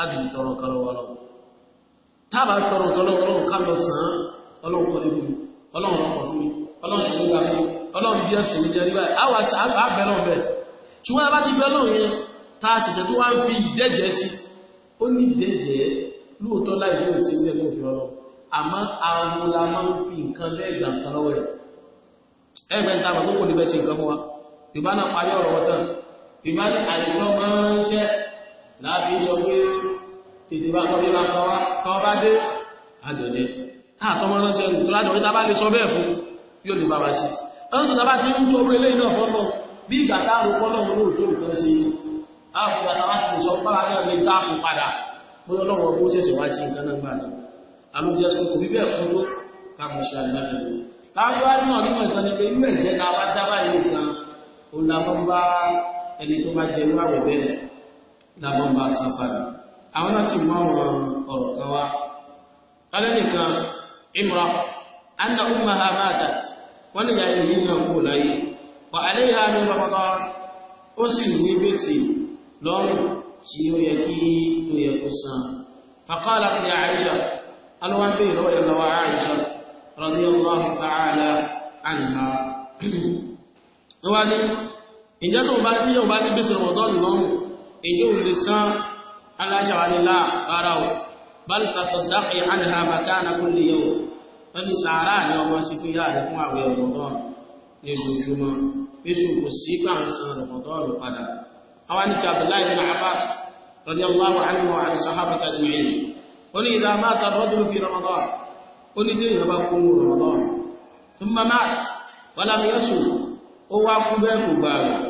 láti lè tọrọ nǹkan lọ́wọ́ ọlọ́run tábà tọrọ nǹkan lọ́wọ́ ọlọ́run ká lọ sàn án ọlọ́run kọ́ lé fún mi ọlọ́run ọkọ̀ fún mi ọlọ́run ṣe nígbà fún mi ọlọ́run bí ẹ̀sìn jẹ́ nígbà àwọn àbẹ̀ a bá ti bẹ́ lọ́run a ṣẹ̀ṣẹ̀ tó wá ń fi ìdẹ́jẹ́ sí ó ní ìdẹ́jẹ́ lóòótọ́ láì yóò sí ilé ẹgbẹ́ òfin ọlọ́run àmọ́ àwọn la máa ń fi nǹkan bẹ́ẹ̀ gbà nǹkan lọ́wọ́ rẹ̀ ẹgbẹ́ ta àmọ́ tó kò ní bẹ́ẹ̀ ṣe nǹkan fún parí ọ̀rọ̀ wọ́tàn yorùbá ní àìsàn máa láti sọ pé tètè bá sọ pé bá sọ wá káwọ́ bá dé àjọjẹ àtọmọ ránṣẹ́ nù tó lájọ níta bá lè sọ bẹ́ẹ̀ fún yóò lè bàbá sí ẹnṣù tàbá ti ń sọ orí eléyìí náà fọ́nà bí ìgbà táàrù pọ́nà mú òtó nǹkan sí ààfin àtàwà ti sọ pàrà náà lè dáàfin padà bóyá lọ́wọ́ bó ṣẹ̀ṣẹ̀ wá sí nǹkan náà gbà náà àmúdíyẹ sọ kò bíbẹ̀ fún tó káàmù sí àdínàbẹ̀ láàbíwá náà nímọ̀ ìtàn ni pé inú ẹ̀jẹ̀ náà wá dábàá yìí kan òun làwọn bá ẹni tó bá jẹ irú àwẹ̀ bẹ́ẹ̀ lábọ́mbà sáfàdì àwọn náà sì máwọn ọ̀rọ̀ kan wá alẹ́nìkan imra an ummaha matat wọ́n lè ya yìí náà kú láyé wà alayha min ramadan ó sì ní gbèsè lọ́rùn tí ó yẹ kí ó yẹ kó san faqalat li Aisha alọ́wọ́n bèèrè lọ́wọ́ èyí ò lè san aláṣàwálélá rárá o bal tasaddaqi anha makana kulli yawm wọ́n ní sàárà ní ọmọ sí fún yára rẹ̀ fún àwẹ̀ Ramadan ní ojoojúmọ́ pèsè kò sí pàǹsán Ramadan padà àwọn ní ti Abdullahi bin Abbas radiyallahu anhu wa an sahabati ajma'in wọ́n idha mata ar-rajulu fi Ramadan ó ní déyìn bá kú Ramadan thumma mata wa lam yasum ó wá kú bẹ́ẹ̀ kò gbàgbà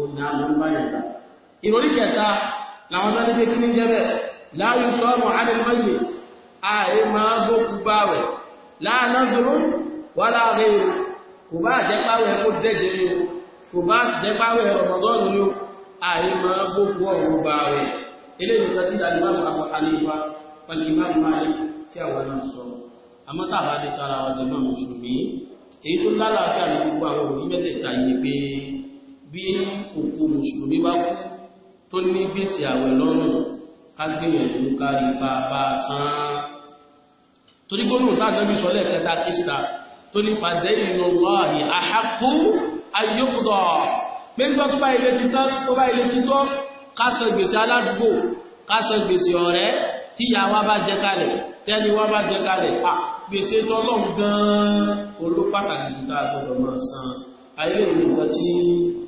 òní àwọn báyàgbà ìròrí kẹta làwọn tó nípe kí ní jẹ́bẹ̀ láàrín sọ́ọ̀mù alẹ́mọ́yè ààrẹ máa gbókù báwẹ̀ láàrín wà láàrín kò bá jẹ́páwẹ̀ kó dẹ́jẹ́ ní o kò bá jẹ́páwẹ̀ ọ̀rọ̀gọ́rùn ní o ààrẹ máa gbókù ọ̀rọ̀ báwẹ̀ ilé ìjọta tí ìdánimọ̀ àwọn àlèwà pẹ̀lú ìmáàmù máa tí àwọn náà sọ àmọ́ tàbá ti tara ọ̀dọ̀ náà mùsùlùmí èyí tó lálàáfíà ní gbogbo àwọn òbí mẹ́tẹ̀ẹ̀ta yìí pé bí òkú mùsùlùmí bá kú tó ní gbèsè àwẹ̀ lọ́rùn kágbìyànjú kárí bàbá sán torí gbónú tàbí sọlẹ̀ kẹta sísta tó ní pàdé ìlú lọ́ọ̀hì àhákú ayókùdọ̀ pẹ́gbọ́ tó bá ilé títọ́ tó bá ilé títọ́ kásọ gbèsè aládùúgbò kásọ gbèsè ọ̀rẹ́ tí ya wá bá jẹ kalẹ̀ tẹ́ni wá bá jẹ kalẹ̀ gbèsè tọ́lọ́ gan-an olópàtàkì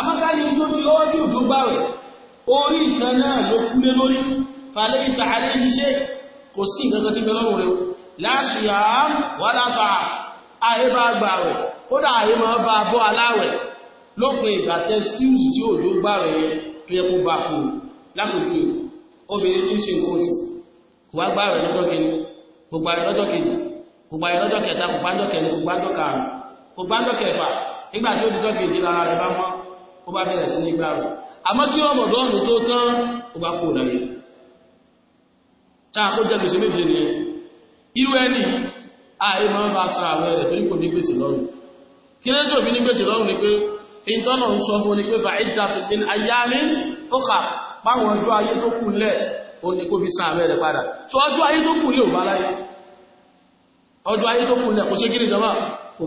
amákàlì tó fi ọwọ́ sí òjò gbáwẹ̀ orí nǹkan náà ló kúlé lórí falẹ́ ìsàárẹ̀ iṣẹ́ kò sí nǹkan kan tí bẹ lọ́rùn rẹ̀ láṣìyà wà láfà ààyè bá gbàwẹ̀ kódà ààyè máa bá bọ́ aláwẹ̀ lópin ìgbà tẹ́síùs tí òjò gbàwẹ̀ yẹn tó ó di lọ́jọ́ kejì rẹ̀ bá mọ́ ó bá bẹ̀rẹ̀ sí ní gbààwẹ̀ àmọ́ kí rọmọdọ́ọ̀nù tó tán ó bá kó láyé táà kó jẹ́ gbèsè méje ni irú ẹni àì máa bá sa àwọn ẹ̀rẹ̀ torí kò ní gbèsè lọ́rùn kí lẹ́tí òbí ní gbèsè lọ́rùn ni pé ìtọ́nà ń sọ fún ni pé fàíjà fìdín ayámi ó kà páwọn ọjọ́ ayé tó kù lẹ̀ ó ní kó fi sa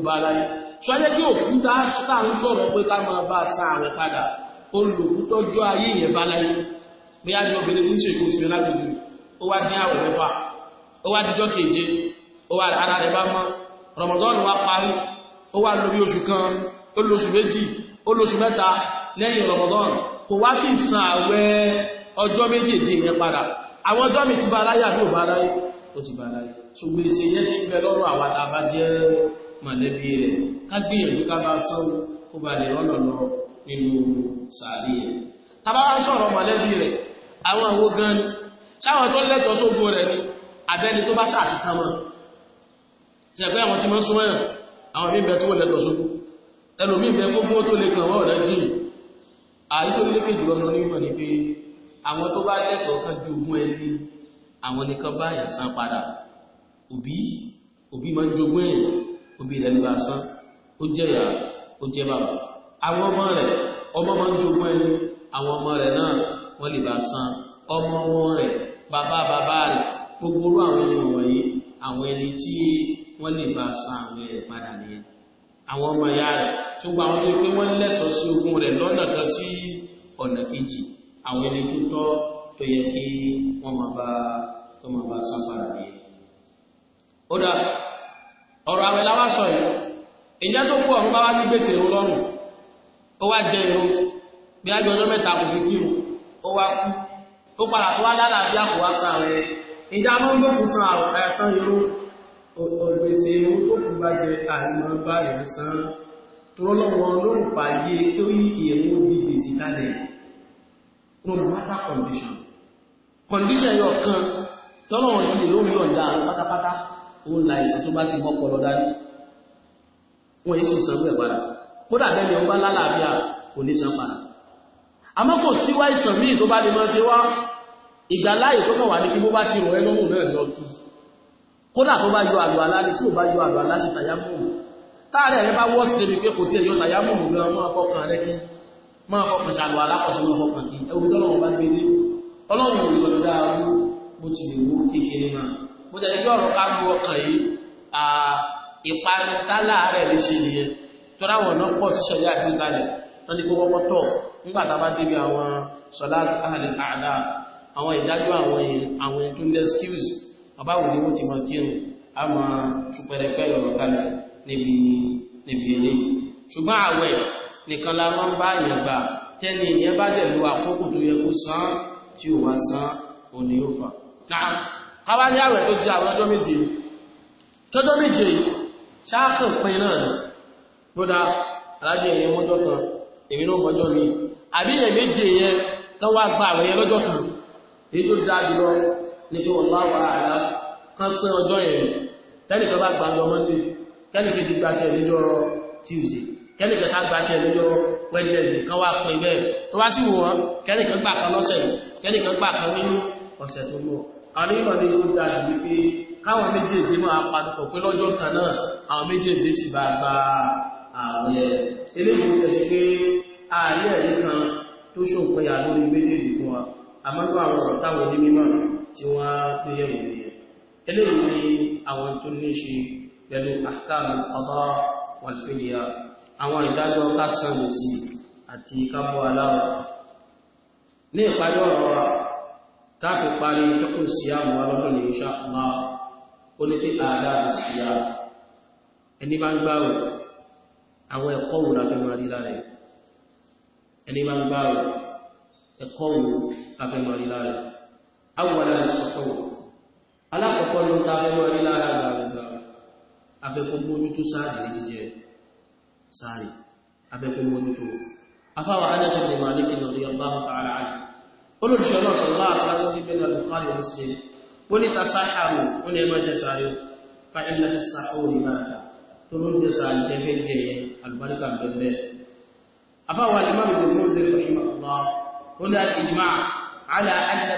bá láyé sọ́jẹ́ kí òkú tá a ń sọ̀rọ̀ pé ká máa bá a san àwẹ̀ padà olùkútọ́jọ́ ayé yẹn bá láyé bí a jọ obìnrin tí ń ṣe ìkóòsì lágbègbè ó wá dín àwẹ̀ mẹ́fà ó wá díjọ́ keje ó wá ara rẹ̀ bá mọ́ rọmọdọ́nù wá parí ó wá lórí oṣù kan ó lóṣù méjì ó lóṣù mẹ́ta lẹ́yìn rọmọdọ́nù kò wá kí san àwẹ̀ ọjọ́ méjèèjì yẹn padà àwọn ọjọ́ mi ti bá láyé àbí ò bá láyé ó ti bá láyé ṣùgbọ́n ìṣe ti bẹ lọ́rùn àwọn àtàbà jẹ́ mọ̀lẹ́bí rẹ̀ kágbìyànjú ká bá sọ kó bá lè rọ́nà lọ nínú sàárì rẹ̀ tàbá wá sọ̀rọ̀ mọ̀lẹ́bí rẹ̀ àwọn àwo gan ni sáwọn tó lẹ́tọ̀ọ́ sógbó rẹ̀ ni àbẹ́ni tó bá sàtìtàn mọ́ ṣẹ̀gbẹ́ àwọn tí mọ́ súnmọ́ yàn àwọn mímẹ́ tí wọ́n lẹ́tọ̀ọ́ sógbó ẹlòmíì bẹ gbogbo tó lè kàn wọ́n ní ìmọ̀ tó bá lẹ́tọ̀ọ́ kan ju ogún ẹni òbí rẹ̀ ní lásán ó jẹ́ ìyá ó jẹ́ bàbá àwọn ọmọ rẹ̀ ọmọ máa ń jogún ẹni àwọn ọmọ rẹ̀ náà wọ́n lè bá san ọmọ wọn rẹ̀ bàbá bàbá rẹ̀ gbogbo orú àwọn ẹni wọ̀nyí àwọn ẹni tí wọ́n lè bá san àwọn ẹ̀rẹ̀ padà nìyẹn àwọn ọmọ ìyá rẹ̀ tó gba àwọn ẹni wọ́n lẹ́tọ̀ọ́ sí ogún rẹ̀ lọ́nà kan sí ọ̀nà kejì àwọn ẹni tó tọ́ tó yẹ kí wọ́n máa bá tó máa bá san padà nìyẹn. ó ọ̀rọ̀ àwẹ̀ láwá sọ yìí ìjẹ́ tó kú ọ̀run bá wá sí gbèsè ìrun lọ́rùn ó wá jẹ ìrun bí ájọ ọjọ́ mẹ́ta kò fi kírun ó wá kú ó padà tó wá lálàáfíà kò wá san rẹ̀ ìjà ló ń lò fún san àrùn ẹ̀sán ìrun ògbèsè ìrun tó kù bá jẹ àìmọ̀ bá rẹ̀ san tó lọ́wọ́ lórí pàyé tó yí ìrun di gbèsè kalẹ̀ no ó ń la ìsìn tó bá ti mọ́ pọlọ dání wọ́n yìí sì sanwó ẹ̀ padà kódà bẹ́ẹ̀ ni ọba lálàáfíà kò ní san padà àmọ́ kò síwá ìsàn míì tó bá lè máa ṣe wá ìgbà tó mọ̀ wá ní kí bó bá ti rọ̀ ẹ́ lọ́rùn náà lọ kí kódà tó bá yọ àlọ́ alá tí ò bá yọ àlọ́ alá sí tàyámùmù táàrẹ̀ rẹ bá wọ́ọ̀sì débi pé kò tí ẹ̀ yọ tàyámùmù gan máa fọkàn rẹ kí máa fọkàn ṣàlọ́ alákọ̀ọ́sí máa fọkàn kí ẹwùdọ́rọ̀ wọn bá gbé dé ọlọ́run ò lọ́dọ̀ dáa bó ti lè wó kékeré náà mo tẹ̀lé bí ọ̀rọ̀ ká gbọ́ ọkàn yìí ìparun tálà rẹ̀ lè ṣe nìyẹn tó ráwọn náà pọ̀ tí ṣẹlẹ̀ àti ìgbàlẹ̀ tán ní kókó pọ́tọ̀ nígbà tá a bá débi skills àbáwò ni wọ́n ti máa kírun a máa tupẹ̀lẹ̀pẹ̀ ọ̀rọ̀ kalẹ̀ níbi níbi ilé ṣùgbọ́n àwẹ̀ nìkan la máa ń bá èèyàn gbà tẹ́ni ìyẹn bá dẹ̀ àkókò tó yẹ kó san tí ò wá san òní yóò fà káwá ní àwẹ̀ tó jẹ́ àwọn ọjọ́ méje tọ́jọ́ méje ṣáàkàn pin náà bódá alájẹ́ ẹ̀yẹ mọ́jọ́ kan èmi náà mọ́jọ́ mi àbí ẹ̀ méje yẹn tó wá gba àwọn yẹn lọ́jọ́ kan èyí tó dáa jùlọ ní pé wọ́n wá àlá kan pé ọjọ́ yẹn tẹ́lẹ̀ kan bá gba tó wá sí wọ́n kẹ́nìkan gbà kan lọ́sẹ̀ kẹ́nìkan gbà kan nínú ọ̀sẹ̀ tó lọ́ọ̀ àríwọ̀dé ó dájú wípé káwọn méjèèjì máa pàtàkì pé lọ́jọ́ kan náà àwọn méjèèjì sì bá gba ààrẹ eléyìí tẹ̀sí pé ààrẹ ẹ̀rí kan tó ṣòpẹ́yà lórí méjèèjì fún wa àmọ́gbà àwọn ọ̀táwọn ní mímọ̀ tí wọ́n tó yẹ ìrìn eléyìí ni ní ṣe pẹ̀lú àkàmù táàfi parí tẹ́kùn síyàmù wa lọ́dún ní insha Allah ó ní pé àádáàbò síyàmù ẹni bá ń gbáwò àwọn ẹ̀kọ́ wò lábẹ́ máa rí lára ẹ̀ ẹni bá ń gbáwò ẹ̀kọ́ wò lábẹ́ máa rí lára ẹ̀ àwọn aláìsọ̀tọ̀ wò alákọ̀ọ́kọ́ ló ń ta fẹ́ rí lára olùṣọ́ náà sọ̀rọ̀ láàrín àwọn tí bẹ́ẹ̀ lọ́dún káàdì wọ́n sí ó ní ta sáhàrù ó ní ẹmọ́ jẹ sáré fa ilẹ̀ ti sáhàrù ní bàtà tó ló ń jẹ sáré jẹ́fẹ́ jẹ alùbáríkà bẹ́ẹ̀ afáwà ìmáàmù gbogbo ń dẹrẹ ìmọ̀ ọ̀gbà ó ní àti ìjìmá àlà àlẹ́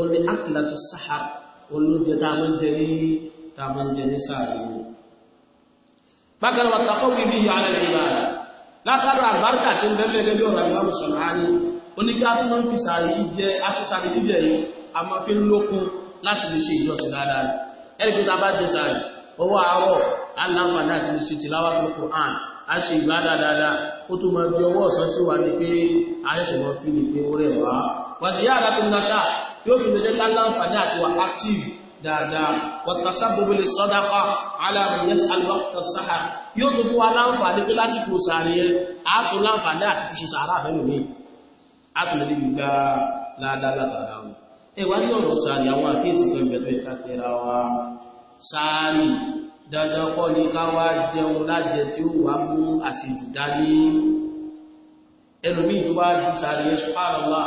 ó ní akílàtò sáà olóúnjẹ tá a máa ń jẹ ní tá a máa ń jẹ ní sáà yìí bákan wà tàkọ́ wí bí yàrá ìgbà látara àbárkà tí ń bẹ́fẹ́ gẹ́gẹ́ ọ̀rọ̀ ìwà mùsùlùmí oníkà tó máa ń fi sàárì jẹ́ aṣọ́sàárì jíjẹ̀ yìí a máa fi ń lókun láti lè ṣe ìjọsìn dáadáa ẹ̀rìkì tá a bá jẹ owó àárọ̀ aláǹfààní àti lè ṣe tìláwà fún Qur'an a ṣe ìgbádà dáadáa ó tún máa di ọwọ́ ọ̀sán tí wà ní pé a ṣẹ̀ṣẹ̀ mọ́ fi ní pé ó rẹ̀ wá wàtíyà àdàkùn náà yóò fi lè láǹfààní àti wà active dáadáa wàtàṣàbòbò lè sọ́dáfà aláàrẹ̀yẹs alwọ́pọ̀ sáà yóò tó fún wa láǹfààní pé lásìkò sàárẹ̀ ààtò láǹfààní àti ti ṣe sàárà fẹ́ lòmí àtò lè gbà láadáa látara wọn ẹwà ní wa sàárẹ̀ dandan kọ́ ní káwá jẹun lájẹ tí ó wà mú àṣejù dání ẹlòmíì tó wá ju sàárẹ̀ sùpárọ̀ láà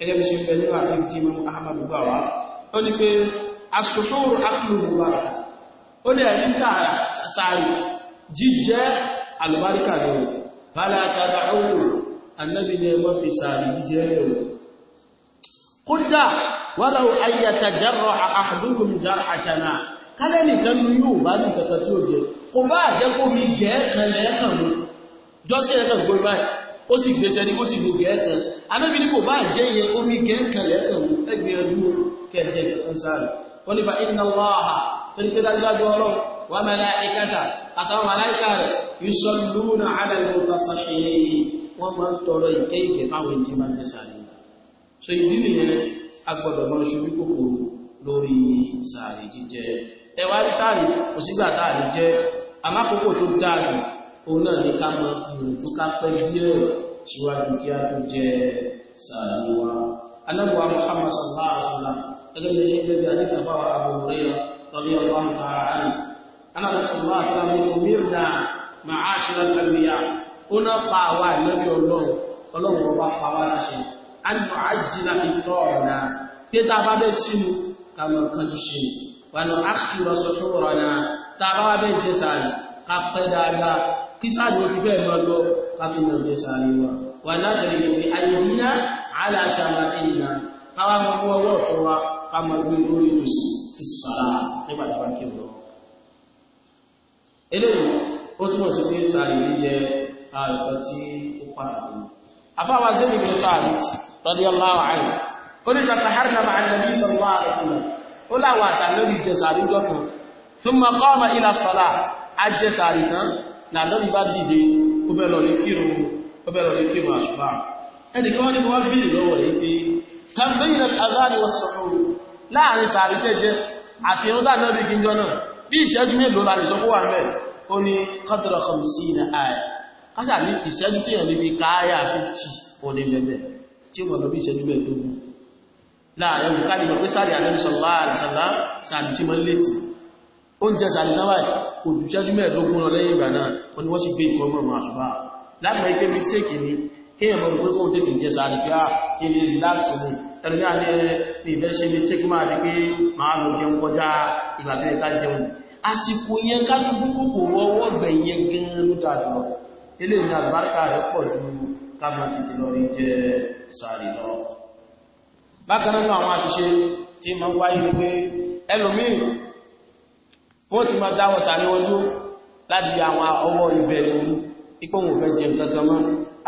gẹ́gẹ́ bí ṣe ń bẹ nínú àdéhùn tí mọ́mú ahmadu gbà wá ó ní pé asòfóòrò áfìlòwò wà ó ní ẹ̀rí sàárì jíjẹ́ àlùbáríkà lọ́wọ́ fàlàkàtà ọ̀rọ̀ annabi ni ẹmọ́ fi sàárì jíjẹ́ lọ́wọ́ kódà wọ́lá ayyata jarra ahadukum jarhatana kálẹ́ nìkan ní yóò bá ní ó sì gbéṣẹ́ ní kó sì gbogbo ẹ̀kan anábì ní kò bá jẹ́ yẹ omi gẹ́ǹkànlẹ̀ ẹ̀sẹ̀ ẹgbẹ̀rún kẹjẹ ìsáàlì wọ́n ní bá iná wáhà tó ní pé dájúdájú ọlọ́run wà màláíkàtà àtàwọn màláíkà rẹ̀ yusalluna ala al so ìdí nìyẹn agbọ́dọ̀ máa ṣe orí kòkòrò lórí sàárì jíjẹ ẹwà sàárì kò sígbà sàárì jẹ àmákòókò tó dáa jù òun náà síwájú kí a tó jẹ sàárì wa muhammad sallallahu alaihi wasallam gẹ́gẹ́ bí ẹgbẹ́ bí alẹ́ sàfà wa abu hurairah rọ́bí ọlọ́run tààrà ánì anábùwà sallallahu alaihi wasallam ní omirna ma'ashira al-anbiya ó ná pa àwa ìlẹ́bí ọlọ́run ọlọ́run ọba pa wá láṣẹ a ní àjìlá ìtọ́ ọ̀nà pé tá a bá bẹ́ kàmọ̀ kan tó ṣe wà ní àkìrọ̀ sọ̀tọ̀ ọ̀nà tá a bá bẹ́ jẹ sàárì ká pẹ́ dáadáa kí sàárì ó ti bẹ́ẹ̀ lọ káfíńdà jẹ́ sáré wa wà látàrí ìwé ayélujára aláṣàmàtẹ́yìnà káwà mọ́ ọwọ́ ọ̀tọ́ wa ká mọ́ gbé orí òsì fi sàrà nígbà tó bá kí lọ eléyìí ó túnmọ̀ sí pé sáré yíyẹ àìkọ́ tí ó pàtàkì afáwà jẹ́ ìgbẹ́ sáàrí bá dìde ó fẹ́ lọ lè kírun ó fẹ́ lọ lè kírun àṣùbà ẹnìkan wọ́n ní wọ́n bèèrè lọ́wọ́ rẹ̀ pé kàfẹ́yìn àzáàrí wọ́n sọ̀rọ̀ láàrin sàárì tẹ́jẹ́ àti irun dáná bí kíjọ náà bí ìṣẹ́jú mélòó la lè sọ fún wa mẹ́ ó ní qadra khamsina àyà kásà ní ìṣẹ́jú tí yàn níbi káyà 50 òní bẹ̀bẹ̀ tí wọ́n lọ bí ìṣẹ́jú bẹ̀ tó gùn láàrin òkú káàdì mọ̀ pé sàárì àdẹ́sọ̀lá àdìsọ̀lá sàárì tí mọ́ létí oúnjẹ sàárì sáwáyì kò jù ṣájú mẹ́ẹ̀dógún lọ lẹ́yìn ìgbà náà wọ́n ni wọ́n sì gbé ìkọ́ mọ̀ mọ̀ àṣùbá lápẹ́ pé mistake ni kéèyàn mọ̀ pé kó tètè jẹ sáré pé á ah, kí ni relax òun ẹ̀rọ ní alẹ́ ní ìfẹ́ ṣe mistake máa di pé máa lọ jẹun kọjá ìgbà tó yẹ ká jẹun àsìkò yẹn wọ́n ti máa dáwọ̀ sàrí wọn dúró láti yà àwọn ọwọ́ ibẹ̀ ìlú ipò wọn fẹ́ jẹ kankan mọ́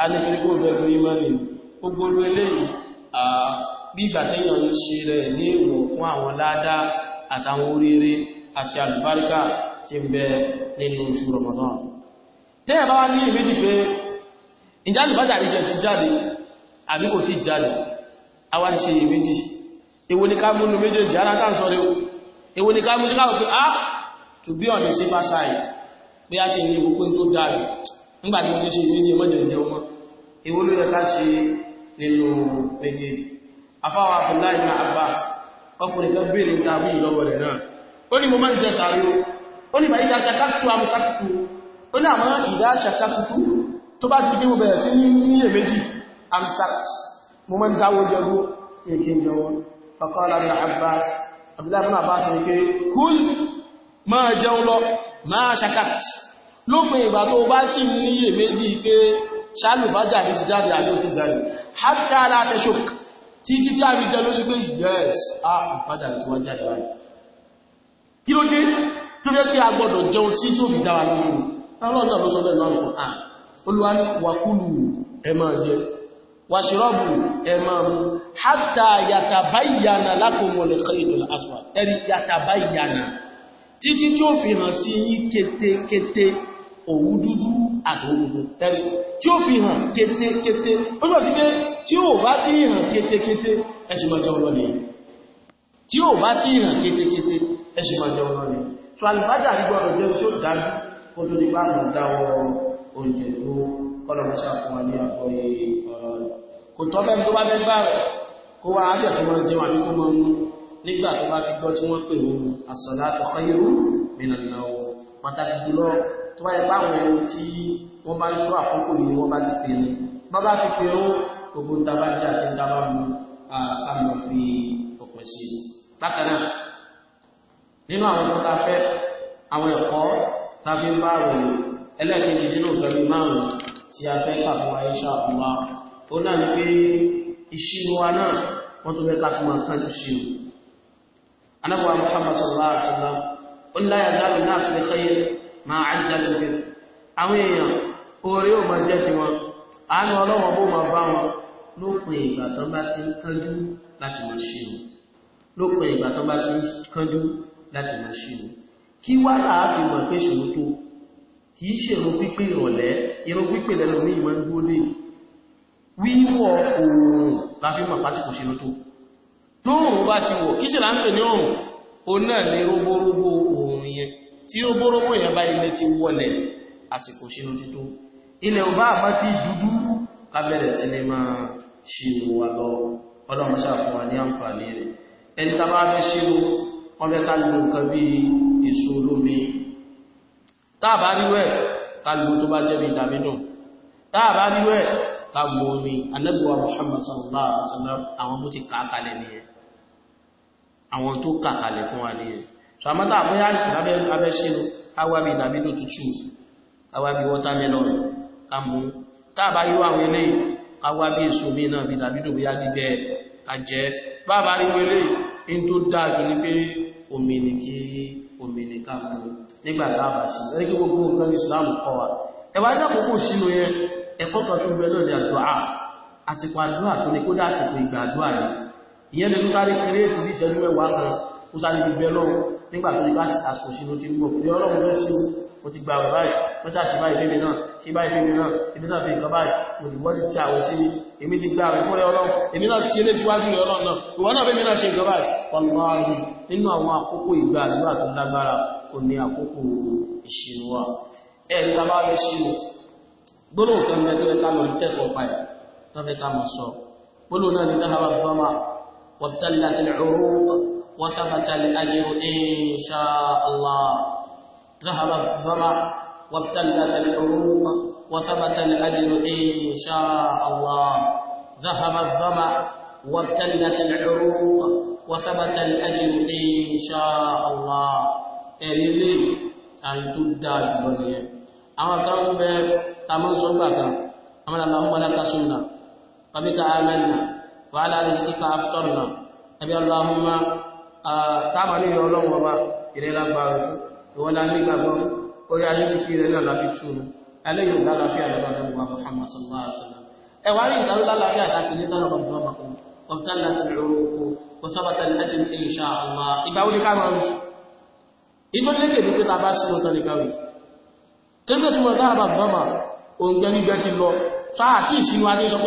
a ní torí kó fẹ́ fún ni gbogbo olú eléyìí bí ìgbà téèyàn ń ṣe rẹ̀ ní ìwọ̀ fún àwọn ládá àtàwọn oríire àbí kò ti jáde a wá ń ṣe ìméjì èwo ni ká múnú méjèèjì ara ká ń sọ rẹ èwo ni ká mú sí káwọn to be on the safer side pé a ti ní gbogbo tó dáa nígbà tí wọ́n ti ṣe méjì mọ́jẹ̀jẹ̀ ọmọ èwo ló yẹ ká ṣe nínú méjèèjì afáwọn abdullahi na abbas ọkùnrin kan béèrè tàbí ìlọ́wọ̀ rẹ̀ náà ó ní mo máa ń jẹ sàárè ó ó ní bàí ìdáṣà káàkùtù amúsákùtù ó ní àwọn ìdáṣà káàkùtù tó bá ti gbígbò bẹ̀rẹ̀ sí ní níyè méjì amsakt mo máa ń dáwó jẹrú èké jẹwọ́ faqala ibn abbas abdullahi ibn abbas ní pé kúl máa jẹun lọ máa ṣakat lópin ìgbà tó bá tí mú níyè méjì pé ṣálù bá jáde ti jáde àjọ ti jáde hátà látẹ́ṣòk tí tí tí a rí jẹ lórí pé yes a ìfádà tí wọ́n jáde hátà yàtàbáyànà lákòmọ̀lẹ̀ kẹ́ ìdọ̀lá aswad ẹ̀rí yàtàbáyànà títí tí ó fi hàn sí yí kétékété òwú dúdú àtòrùfò tẹ́lú tí ó fi hàn kétékété ó jọ sí pé tí ó bá tí hàn kétékété ẹṣùmọ̀jọ́ ọlọ́lẹ̀ tí ó bá tí hàn kétékété ẹṣùmọ̀jọ́ ọlọ́lẹ̀ tó alìbájà gbọ́dọ̀ jẹ́ tí ó dájú kó tó nípa àwọn dáwọ́ oúnjẹ tó kọ́lọ̀mọ́sá fún wa ní àkọ́yé ọ̀rọ̀ kò tọ́fẹ́ tó bá fẹ́ bá rẹ̀ kó wá á nígbà tó bá ti gbọ́ tí wọ́n pè ohun as-salatu khayrun minan nawm pàtàkì jùlọ tó bá yẹ báwọn ohun tí wọ́n bá ń ṣọ́ àkókò yìí wọ́n bá ti pè ní bá bá ti pè ó gbogbo dábá jẹ́ àti dábá mú àmọ̀ fi ọ̀pẹ̀ sí bákan wọ́n tó fẹ́ fún wa kájú ṣirò anábọ̀wà muhammad sallallahu alaihi wasallam ó ní láyà záàbì náà sí lẹ́kẹ́yẹ máa àjíjáde lókè àwọn èèyàn oore yóò máa jẹ́ ti wọn àánú ọlọ́wọ́n bó máa bá wọn lópin ìgbà tó bá ti ń kánjú láti máa ṣe o lópin ìgbà tó bá ti ń kánjú láti máa ṣe o kí wá láàfin mọ̀ pé ṣòro tó kì í ṣèrò pípé ìrọ̀lẹ́ ìrọ̀ pípé lẹ́nu ní ìwọ̀n dúró lé wíwọ̀ oòrùn láfihàn pàtàkì kò ṣe lótó lóòrùn bá ti wọ̀ kí sì láńpẹ̀ ní ọ̀rùn o náà ní rógbórógbó oòrùn yẹn tí rógbórógbó yẹn bá ilẹ̀ ti wọlẹ̀ àsìkò ṣírun ti tó ilẹ̀ ọba àmá ti dúdú abẹ́rẹ̀ sí ni máa ṣírò wà lọ ọlọ́run ṣàfún wa ní àǹfààní Muhammad sallallahu alaihi wasallam àwọn mú ti kàákalẹ̀ nìyẹn àwọn tó kàkàlẹ̀ fún wa ní ẹ̀ so a mọ́ta àpọ́yá ìsìn abẹ́ṣínú awábi ìdàbídò tútù awábi watermelon kàmù tàbá yíwá àwọn ilé awábi èso mi náà bí ìdàbídò bí á gbígbẹ́ àjẹ́ bàbá rí wọlé in tó dájú ní pé òmìnìkí òmìnìká mú nígbà tàbá sí ẹni kí gbogbo nǹkan Islam kọ wa ẹwà ní àkókò sínú yẹn ẹ̀kọ́ kan tún bẹ náà ní àdúrà àsìkò àdúrà tún ìyẹn lè sáré kìrètì ní ìṣẹ́jú mẹ́wàá kan ó sáré gbogbo ẹlọ́run nígbà tó lè bá àsìkò sínú ti mọ̀ pé ọlọ́run ló sí o ti gbà rẹ̀ báyìí wọ́n sàṣì báyìí fẹ́mi náà ṣe báyìí fẹ́mi náà èmi náà fi nǹkan báyìí mo lè wọ́n ti ti àwọ̀ sí èmi ti gbà rẹ̀ fún rẹ̀ ọlọ́run èmi náà ti ilé síwájú rẹ̀ ọlọ́run náà ìwọ náà fẹ́mi náà ṣe nǹkan báyìí ọlọ́run nínú àwọn àkókò ìgbà àdúrà tó وابتلت العروق وثبت الأجر إن شاء الله ذهب الظمأ وابتلت العروق وثبت الأجر إن شاء الله ذهب الظمأ وابتلت العروق وثبت الأجر إن شاء الله إليه أن تدى الدنيا أما كان به تمام صلبك أما اللهم لك سنة فبك آمنا wàhálà rìsíkà àfitọ́rìnà ẹbí aláhùnmá táàmà ní ìrọ̀ ọlọ́run ọba ìrẹ́ lágbára ìwọ́lá nígbàgbọ́ orí alẹ́sìkí rẹ̀ náà láfi tú un ẹlẹ́yìn lálàáfíà lọ́wọ́ lẹ́wọ́ Muhammad sallallahu alaihi wasallam ẹwà rí ìtàlú lálàáfíà láti وثبت الأجر إن شاء الله إباولي كاوي إبن لك يدك تاباس وطني كاوي كيف تما ذهب الضمى ونجني بيت الله فأتي سنواتي سوف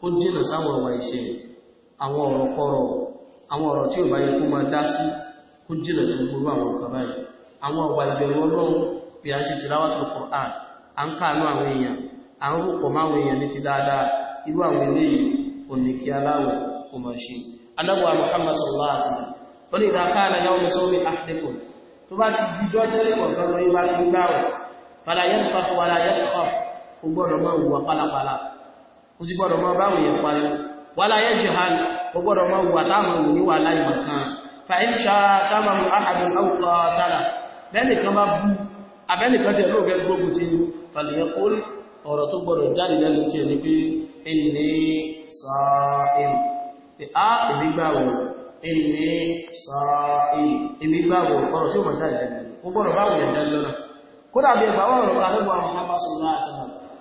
kó jìnà sáwọn ọwà ìṣẹ́ àwọn ọ̀rọ̀ kọrọ̀ àwọn ọ̀rọ̀ tí ò bá yẹ kó máa dá sí kó jìnà sí gbogbo àwọn nǹkan báyìí àwọn ọwà ìbẹ̀rù ọlọ́run bí a ṣe ti láwà tó kọ̀ à à ń káàánú àwọn èèyàn à ń rúpọ̀ máwọn èèyàn ní ti dáadáa irú àwọn eléyìí wa láyé ó sì gbọ́dọ̀ máa báwọn yẹn parí wà láyé jihal ó gbọ́dọ̀ máa wà táàmù wò níwà láì mọ̀kan fàíṣà táàmù ahàdùn àwùkọ tààlà bẹ́ẹ̀nìkan bá bú abẹ́nìkan tẹ̀ lóògẹ́ gbógun ti fàlìyàn kó ọ̀rọ̀ tó gbọ́dọ̀ jáde lẹ́nu tí ẹni pé ẹni sọ́ọ̀ìn pé á èmi gbàwọ̀ ẹni sọ́ọ̀ìn èmi gbàwọ̀ ọ̀rọ̀ tí ó mọ̀ jáde lẹ́nu ó gbọ́dọ̀ báwọn yẹn jáde lọ́nà kódà bí ẹgbàá ọ̀rọ̀ kan lọ́gbà ọ̀rọ̀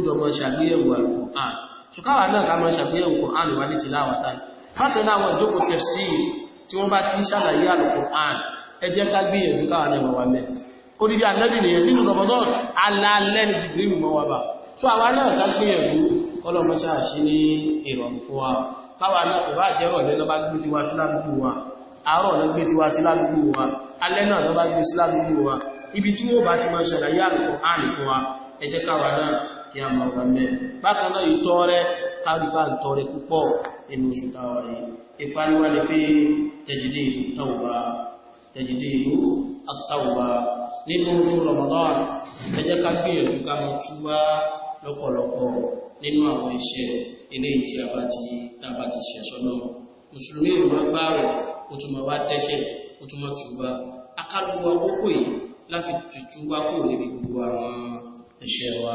gbọ́dọ̀ mọ̀ ṣàgbéyẹ̀wò Al-Qur'an ṣùkáwà náà ká mọ̀ ṣàgbéyẹ̀wò Qur'an wà ní tìláwà tán káàkiri àwọn ìjókòó tafsir tí wọ́n bá ti ń ṣàlàyé Al-Qur'an ẹ jẹ́ ká gbìyànjú ni Jibril mọ̀ wà bá tó àwa náà ká gbìyànjú ọlọ́mọ ṣáàṣì ní ìrọ̀rùn fún wa káwà náà kò bá jẹ́rọ̀ lẹ́nà bá gbé ti wá sí ládùúgbò wa àárọ̀ lọ gbé ti wá sí ládùúgbò ibi tí wọ́n bá ti máa ṣàlàyé Al-Qur'an fún wa ẹ náà kí a máa wà mẹ́ bákan náà yìí tọrẹ kárígbà tọrẹ púpọ̀ inú oṣù táwà rí ipa ní wà ní pé tẹ̀jìdì ìlú tàwà tẹ̀jìdì ìlú àtàwà nínú oṣù Ramadan ẹ jẹ́ ká gbìyànjú ká máa túbá lọ́pọ̀lọpọ̀ nínú àwọn iṣẹ́ ilé tí a bá ti tábà ti ṣẹ̀ wá kò níbi gbogbo àwọn ẹ̀ṣẹ̀ wa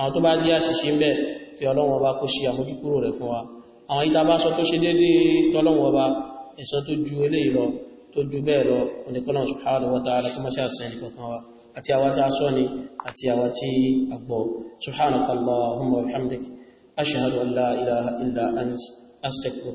àwọn tó bá jẹ́ àṣìṣe ń bẹ fi ọlọ́run ọba kó ṣe àmójúkúrò rẹ̀ fún wa àwọn ìta bá sọ tó ṣe dédé tọ́lọ́run ọba ẹ̀san tó ju eléyìí lọ tó ju bẹ́ẹ̀ lọ oníkọ́lọ́run subhanahu wa ta'ala kó mọ́ṣẹ́ àṣẹ